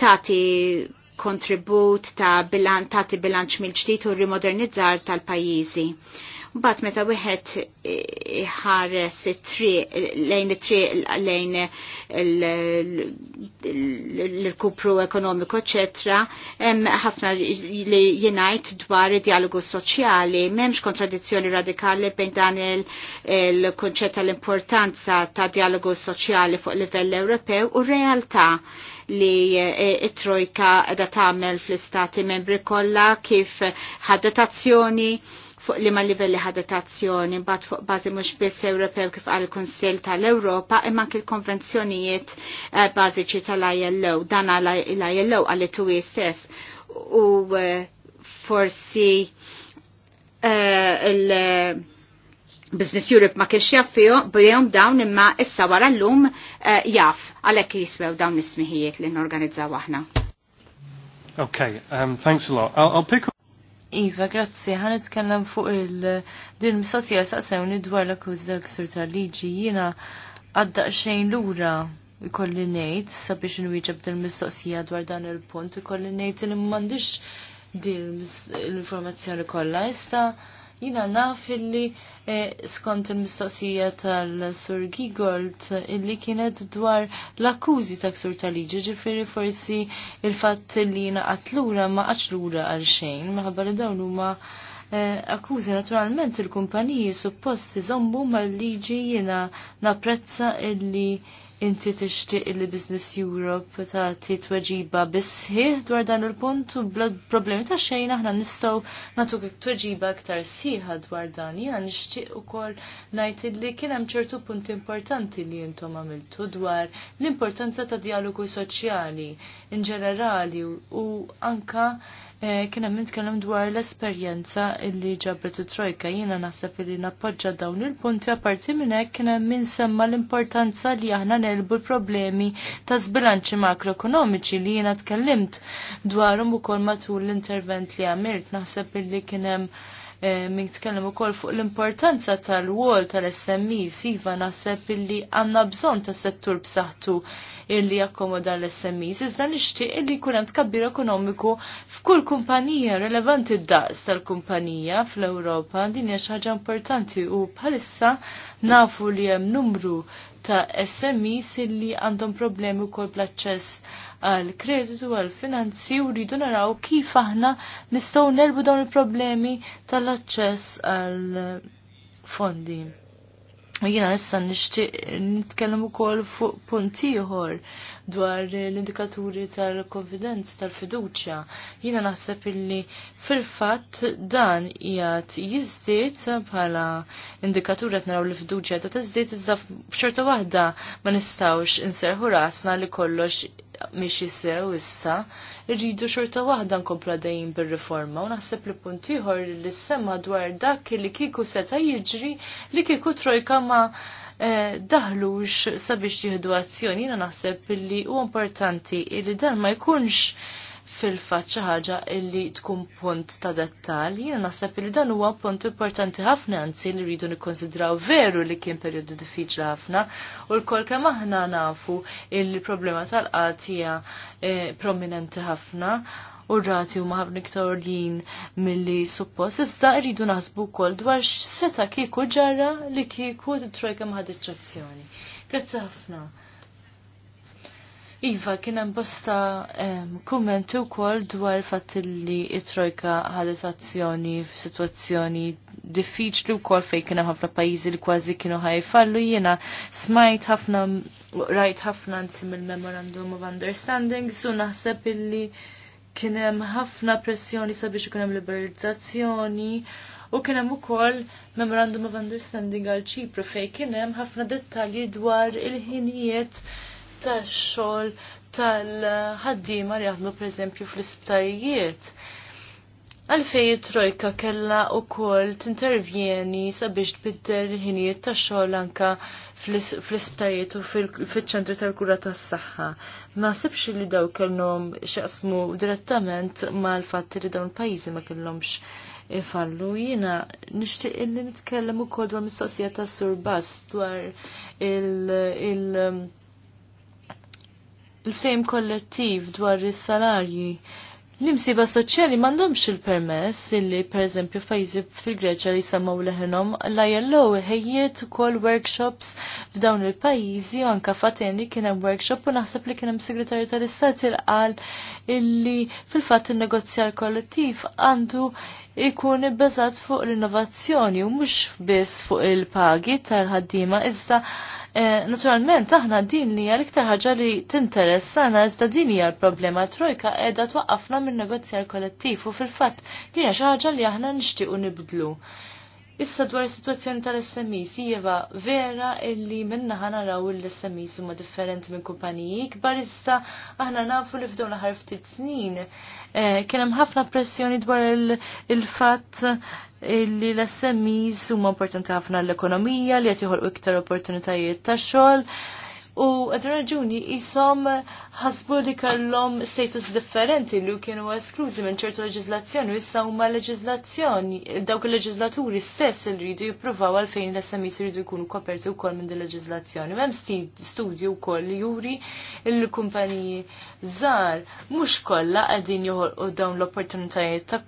tati kontribut ta' bilan, tati bilanċ mill-ġdid u rimodernizzar tal-pajjiżi. Mbagħad meta wieħed ħares it-triq lejn it-triq lejn l-kupru ekonomiku eċetera, hemm ħafna li jingħid dwar id-dialogu soċjali, m'hemmx kontradizzjoni radikali bejn dan il-kunċett tal-importanza ta' dialogu soċjali fuq livell Ewropew u realtà li eh, eh, it-trojka edha tagħmel fl-istati membri kollha kif ħadatazzjoni azzjoni fuq li ma livelli ħadatazzjoni bat fuq bazi mux biss Ewropew kif għal konsil tal-Europa imma kil konvenzjonijiet eh, bażiċi tal-ILO dan għal ilo għal tu e u forsi uh, il- Business Europe ma kienx jaff bjom dawn imma issa wara l-lum uh, eh, jaff għalhekk jiswew dawn l-ismiħijiet li norganizzaw aħna. Okay, um, thanks a lot. I'll, I'll pick up Iva, grazzi, ħan itkellem fuq il-din mistoqsija saqsewni dwar l kuz dal ksur tal-liġi jina għadda xejn lura ikolli ngħid sabiex inwieġeb din mistoqsija dwar dan il-punt ikolli ngħid li m'għandix din l-informazzjoni kollha issa Jina naf illi eh, skont il-mistoqsija tal-Sur Gigold illi kienet dwar l-akkużi ta' ksur tal-liġi ġifiri forsi il-fatt li jina għatlura ma għatlura għal xejn maħabba li dawn huma eh, akkużi naturalment il-kumpaniji supposti zombu mal-liġi jina naprezza illi inti tixtieq li Business Europe ta' tweġiba bisħiħ dwar dan il-punt u bla problemi ta' xejn aħna nistgħu nagħtuk tweġiba aktar sieħa dwar dan. Jiena nixtieq ukoll ngħid li kien hemm ċertu punti importanti li intom għamiltu dwar l-importanza ta' dialogu soċjali in ġenerali u anka Eh, kien hemm nitkellem dwar l-esperjenza illi ġabret it-trojka jiena naħseb illi nappoġġa dawn il-punti apparti minn hekk kien hemm semma l-importanza li aħna nelbu l-problemi ta' sbilanċi makroekonomiċi li jiena tkellimt dwarhom ukoll matul l-intervent li għamilt naħseb illi kien hemm eh, min tkellem ukoll fuq l-importanza tal-wol tal-SMI siva naħseb illi għandna bżonn ta' settur b'saħħtu illi jakkomoda l-SMEs, iżda nixtieq illi jkun hemm tkabbir ekonomiku f'kull kumpanija rilevanti d-daqs tal-kumpanija fl-Ewropa din hija xi ħaġa importanti u bħalissa nafu li hemm numru ta' SMEs illi għandhom problemi kol bl-aċċess għal kreditu għal finanzi u rridu naraw kif aħna nistgħu nerbu dawn il-problemi tal-aċċess għal fondi. Jina nissa nishtiq nitkellem ukoll fuq punt ieħor dwar l-indikaturi tal-konfidenza tal-fiduċja. Jiena naħseb illi fil-fatt dan jgħat jiżdied bħala indikaturi qed naraw li fiduċja ta' tizdiet iżda f'xorta waħda ma nistawx inserħu rasna li kollox miex sew issa, rridu xorta waħda nkompla dajin bir-riforma u naħseb li punt ieħor s semma dwar dak li kieku seta' jiġri li kieku trojka ma' eh, daħlux sabiex jihdu azzjoni, unaħseb naħseb li u importanti li dan ma jkunx fil-fatt xi ħaġa illi tkun punt ta' dettalji, jien naħseb li dan huwa punt importanti ħafna anzi li rridu nikkonsidraw veru li kien perjodu diffiċli ħafna u l-kol kemm aħna nafu l problema tal-qatt hija eh, prominenti ħafna u rrati u maħab niktar lin mill-li Iżda rridu naħsbu kol dwar seta kiku ġara li kiku t-trojka maħad eċċazzjoni. Grazzi ħafna. Iva, kien hemm bosta kummenti wkoll dwar fatt li it-trojka ħadet azzjoni f'sitwazzjoni diffiċli wkoll fejn kien ħafna pajjiżi li kważi kienu ħajfallu jiena smajt ħafna rajt ħafna nsim il-Memorandum of Understanding su naħseb illi kien hemm ħafna pressjoni sabiex ikun hemm liberalizzazzjoni u kien hemm ukoll Memorandum of Understanding għal Ċipru fejn kien hemm ħafna dettalji dwar il-ħinijiet tax-xogħol tal-ħaddiema li per eżempju fl-isptarijiet. Għalfej trojka kella u kol t-intervjeni sabiex tbiddel ħinijiet tax-xogħol anka fl-isptarijiet u fil-ċentru tal-kura tas saħħa Ma sibx li daw kellhom xaqsmu direttament ma l-fatt li dawn pajjiżi ma kellhomx ifallu jina nixtieq illi nitkellem ukoll dwar mistoqsija tas Sur dwar il-, il, il il fejm kollettiv dwar is-salarji L-imsiba soċjali mandomx il-permess illi per eżempju fajzi fil-Greċa li semmaw leħenom la jellow ħejjiet ukoll workshops f'dawn il-pajjiżi u anka fateni kien hemm workshop u naħseb li kien hemm segretarju tal-Istat il qal illi fil-fatt in-negozjar kollettiv għandu ikun ibbeżat fuq l-innovazzjoni u mhux biss fuq il-pagi tal-ħaddiema iżda eh, naturalment aħna din li l-iktar ħaġa li tinteressana iżda din hija l-problema trojka qiegħda twaqqafna minn negozjar kollettiv u fil-fatt kienet xi ħaġa li aħna nixtiequ nibdlu. Issa dwar is-sitwazzjoni tal-SMEs, jiva vera illi minna raw l-SMEs huma differenti minn kumpaniji kbar issa aħna nafu li f'dawn l-aħħar ftit snin eh, kien hemm ħafna pressjoni dwar il-fatt li l-SMEs huma importanti ħafna l-ekonomija li qed joħolqu iktar opportunitajiet ta' xogħol u għadun raġuni jisom ħasbu li kellhom status differenti li kienu esklużi minn ċertu leġizlazzjoni u issa huma leġizlazzjoni dawk il-leġizlaturi stess li jridu jippruvaw għalfejn l-SMIs jridu jkunu koperti wkoll minn din leġizlazzjoni. Mem studju wkoll li juri il-kumpaniji mux mhux kollha qegħdin joħolqu dawn l-opportunitajiet ta'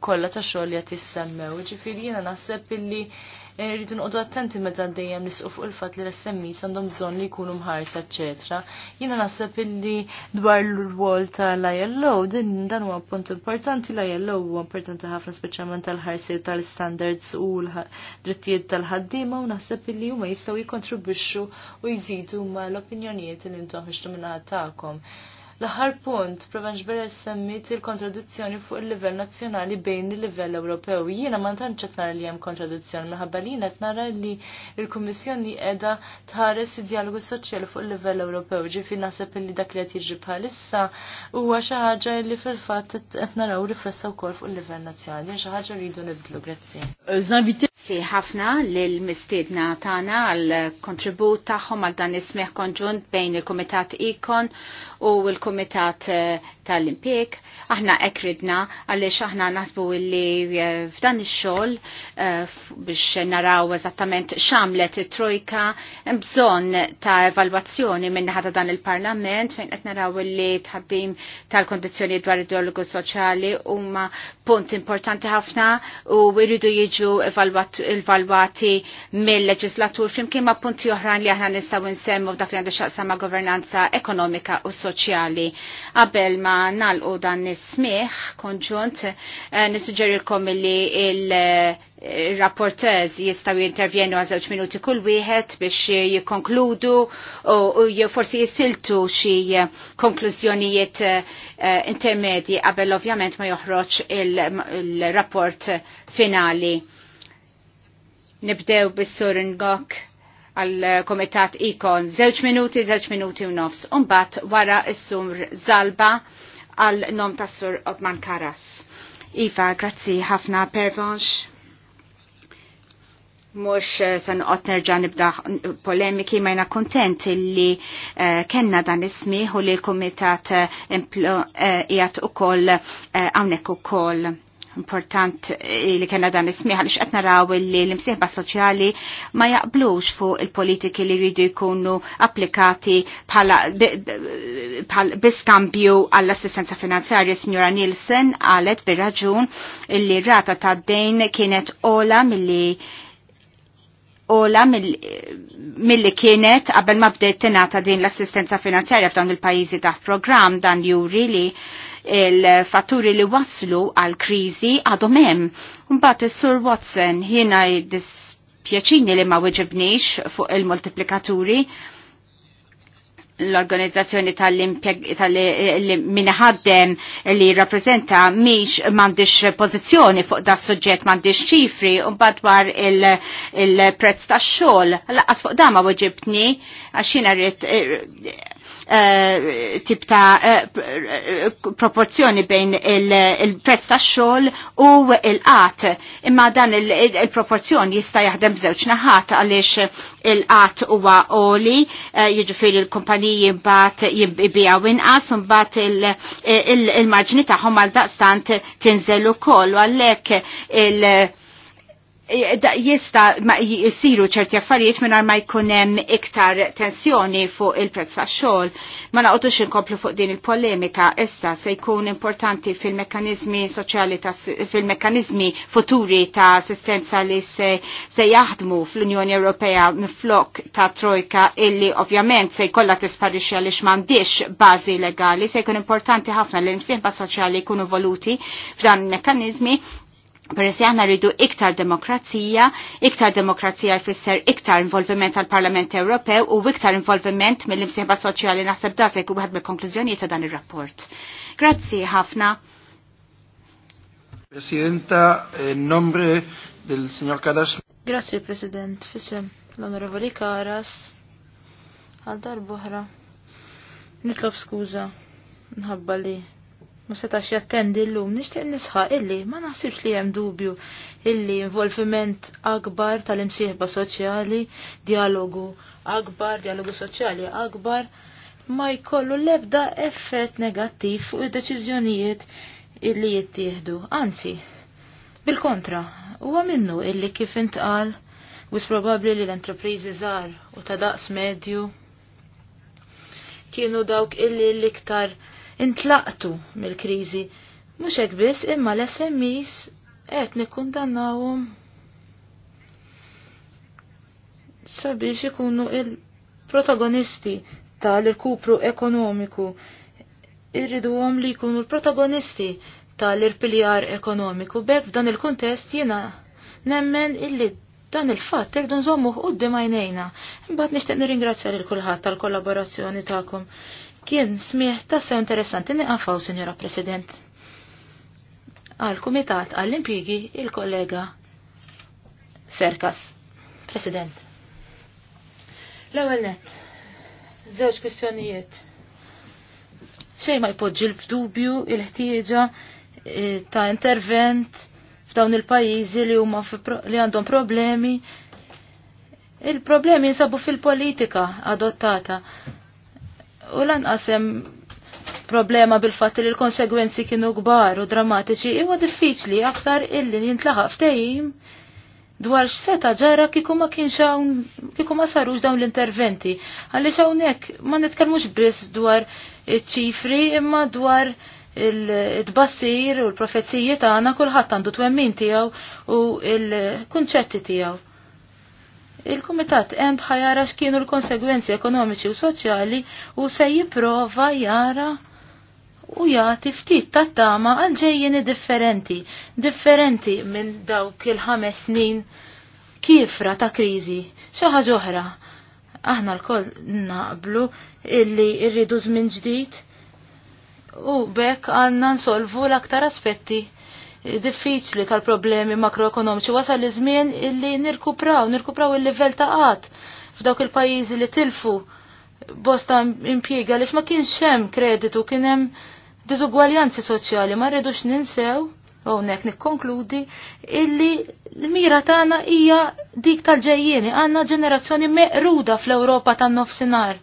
kollha ta' xogħol li qed issemmew. Ġifieri jiena naħseb illi Eh, rridu nqodu attenti meta dejjem nisqu fuq il-fatt li l-SMI għandhom bżonn li jkunu mħarsa, eċetera. Jiena naħseb illi dwar l ta' tal-ILO, din dan huwa punt importanti l-ILO huwa importanti ħafna speċjalment tal-ħarsiet tal-standards u l-drittijiet tal-ħaddiema u naħseb illi huma jistgħu jikkontribwixxu u jżidu ma l-opinjonijiet li intom ħiġtu minn tagħkom. L-aħħar punt, Prevenx Beres semmit il-kontradizzjoni fuq il-livell nazzjonali bejn il-livell Ewropew. Jiena ma tantx qed nara li hemm kontradizzjoni minħabba li qed nara li l-Kummissjoni qiegħda tħares id-dialogu soċjali fuq il-livell Ewropew. Ġifi naħseb li dak li qed jiġri bħalissa huwa xi ħaġa li fil-fatt qed naraw riflessa wkoll fuq il-livell nazzjonali. Xi ħaġa rridu nibdlu, grazzi. Si ħafna lil mistiedna tagħna għal kontribut tagħhom għal dan ismeħ konġunt bejn il-Kumitat Ikon u l-Kumitat il-Komitat eh, tal-Impjek, aħna ekridna għaliex aħna nasbu illi eh, f'dan ix-xogħol eh, biex naraw eżattament x'għamlet it-Trojka bżonn ta' evalwazzjoni minn ħata dan il-Parlament fejn qed naraw illi tħaddim tal-kondizzjoni dwar id-dialogu soċjali huma punt importanti ħafna u jridu jiġu evalwati mill-leġislatur flimkien ma' punti oħrajn li aħna nistgħu nsemmu dak li għandu xaqsama governanza ekonomika u soċjali Nazzjonali. Qabel ma nalqu dan nismiħ konġunt eh, nissuġġerilkom li il- rapportez jistaw jintervjenu għal żewġ minuti kull wieħed biex jikkonkludu u forsi jisiltu xi konklużjonijiet eh, intermedji qabel ovvjament ma joħroġ il-rapport finali. Nibdew bis-sur Ngok għal-Komitat Ikon. Zewċ minuti, zewċ minuti u nofs. Umbat wara s-sumr zalba għal-nom tas-sur Otman Karas. Iva, grazzi ħafna pervanx. Mux eh, san nerġa' nibda polemiki ma jena kontent li eh, kenna dan ismi u li l-komitat jgħat eh, u koll għawnek u koll Important li kena dan ismiħ għalix qed naraw li l-imsieħba soċjali ma jaqblux fuq il-politiki li jridu jkunu applikati bħala biskambju għall-assistenza finanzjarja signora Nielsen għalet bir-raġun li rata ta' dejn kienet ola milli ola mill-li kienet qabel ma bdejt tingħata din l-assistenza finanzjarja f'dawn il-pajjiżi taħt programm dan juri li il-fatturi li waslu għal kriżi għadhom hemm. Mbagħad is-Sur Watson jiena dispjaċini li ma weġibniex fuq il-multiplikaturi l-organizzazzjoni tal minħaddem li rappresenta miex mandiċ pozizjoni fuq da suġġett mandiċ ċifri un badwar il-prezz ta' xol. Laqqas fuq da ma weġibni, għaxina rrit Eh, tip ta' eh, proporzjoni bejn il-prezz ta' xogħol u il-qat. Imma dan il-proporzjoni jista' jaħdem b'żewġ naħat għaliex il-qat huwa oli, eh, jiġifieri l-kumpaniji mbagħad jibbijaw inqas u mbagħad il-marġni tagħhom għal daqstant tinżel ukoll u għalhekk il- jista jisiru ċerti affarijiet minn ma jkunem iktar tensjoni fuq il-prezz għax-xogħol. Ma naqgħodux inkomplu fuq din il-polemika issa se jkun importanti fil-mekkaniżmi soċjali fil-mekkaniżmi futuri ta' assistenza li se, se jaħdmu fl-Unjoni Ewropea miflok ta' trojka illi ovvjament se jkollha tisparixxi għaliex m'għandix bażi legali se jkun importanti ħafna li l-imsieħba soċjali jkunu voluti f'dan il-mekkaniżmi Peress aħna rridu iktar demokrazija, iktar demokrazija jfisser iktar involviment tal-Parlament Ewropew u iktar involviment mill-imsieħba soċjali naħseb datek u għad mill-konklużjoni ta' dan ir-rapport. Grazzi ħafna. Presidenta, nombre del signor Karas. Grazzi President, fissem l-onorevoli Karas. Għal buħra. Nitlob skuza. Nħabba li ma setax jattendi l-lum, nishtiq nisħa illi ma naħsibx li hemm dubju illi involviment akbar tal-imsieħba soċjali, dialogu akbar, dialogu soċjali akbar, ma jkollu l-ebda effett negattiv fuq id-deċiżjonijiet illi jittieħdu. Anzi, bil-kontra, huwa minnu illi kif intqal wis probabbli li l-entreprizi żgħar u ta' daqs medju kienu dawk illi l-iktar intlaqtu mill-kriżi. Mhux hekk biss imma l-SMEs qed nikkundannawhom sabiex ikunu il-protagonisti tal-irkupru ekonomiku. Irriduhom li jkunu l-protagonisti tal-irpiljar ekonomiku. Bekk f'dan il-kuntest jiena nemmen illi dan il-fatt irdu nżommu qudiem għajnejna. Imbagħad nixtieq nirringrazzja lil kulħadd tal-kollaborazzjoni tagħkom. Kien smieħ sew interessanti niqafaw, Sinjora President. Għal kumitat għall impigi il-kollega Serkas, President. L-ewwel nett, żewġ kwistjonijiet. Xejn ma jpoġġi l-dubju il-ħtieġa eh, ta' intervent f'dawn il-pajjiżi li huma li għandhom problemi Il-problemi jinsabu fil-politika adottata u lanqas hemm problema bil-fatt li l-konsegwenzi kienu kbar u drammatiċi huwa diffiċli aktar illi jintlaħaq ftehim dwar x'seta ġara kieku ma kienx hawn sarux dawn l-interventi. Għaliex hawnhekk ma nitkellmux biss dwar iċ-ċifri imma dwar il-tbassir u l-profezzijiet tagħna kulħadd għandu twemmin tiegħu u l-kunċetti tiegħu. Il-Kumitat hemm jara x'kienu l-konsegwenzi ekonomiċi u soċjali u se jipprova jara u jagħti ftit tat-tama għal ġejjeni differenti, differenti minn dawk il-ħames snin kifra ta' kriżi, xi ħaġa oħra. Aħna lkoll naqblu illi rridu żmien ġdid u bekk għandna nsolvu l-aktar aspetti diffiċli tal-problemi makroekonomiċi wasal li żmien illi nirkupraw, nirkupraw il-livell ta' qatt f'dawk il-pajjiżi li tilfu bosta impjiega għaliex ma kienx hemm kreditu kien hemm diżugwaljanzi soċjali ma rridux ninsew hawnhekk nikkonkludi illi l-mira tagħna hija dik tal-ġejjieni għandna ġenerazzjoni meqruda fl-Ewropa tan-nofsinhar.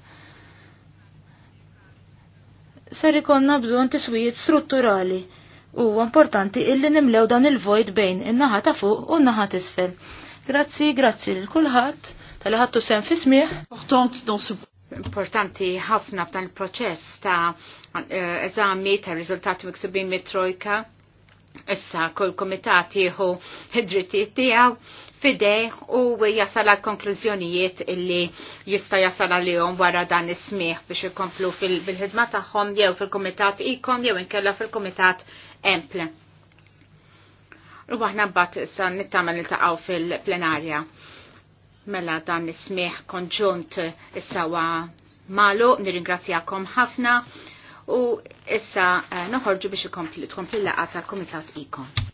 Ser ikonna bżonn tiswijiet strutturali U importanti illi nimlew dan il-vojt bejn in-naħa ta' fuq u n-naħa t'isfel. Grazzi, grazzi lil kulħadd tal ħattu sem fi smieħ. Importanti ħafna f'dan il-proċess ta' eh, eżami ta' riżultati miksubin mit-trojka issa kull komitat jieħu id-drittijiet tiegħu fidej u jasal għal konklużjonijiet illi jista' jasal għal-jom wara dan is-smieħ biex ikomplu bil-ħidma tagħhom jew fil-kumitat ikon jew inkella fil-kumitat Emple. U bat mbagħad issa il niltaqgħu fil-plenarja. Mela dan ismieħ konġunt is-sawa malu, nirringrazzjakom ħafna u issa eh, noħorġu biex tkompli laqgħa tal-Kumitat Ikon.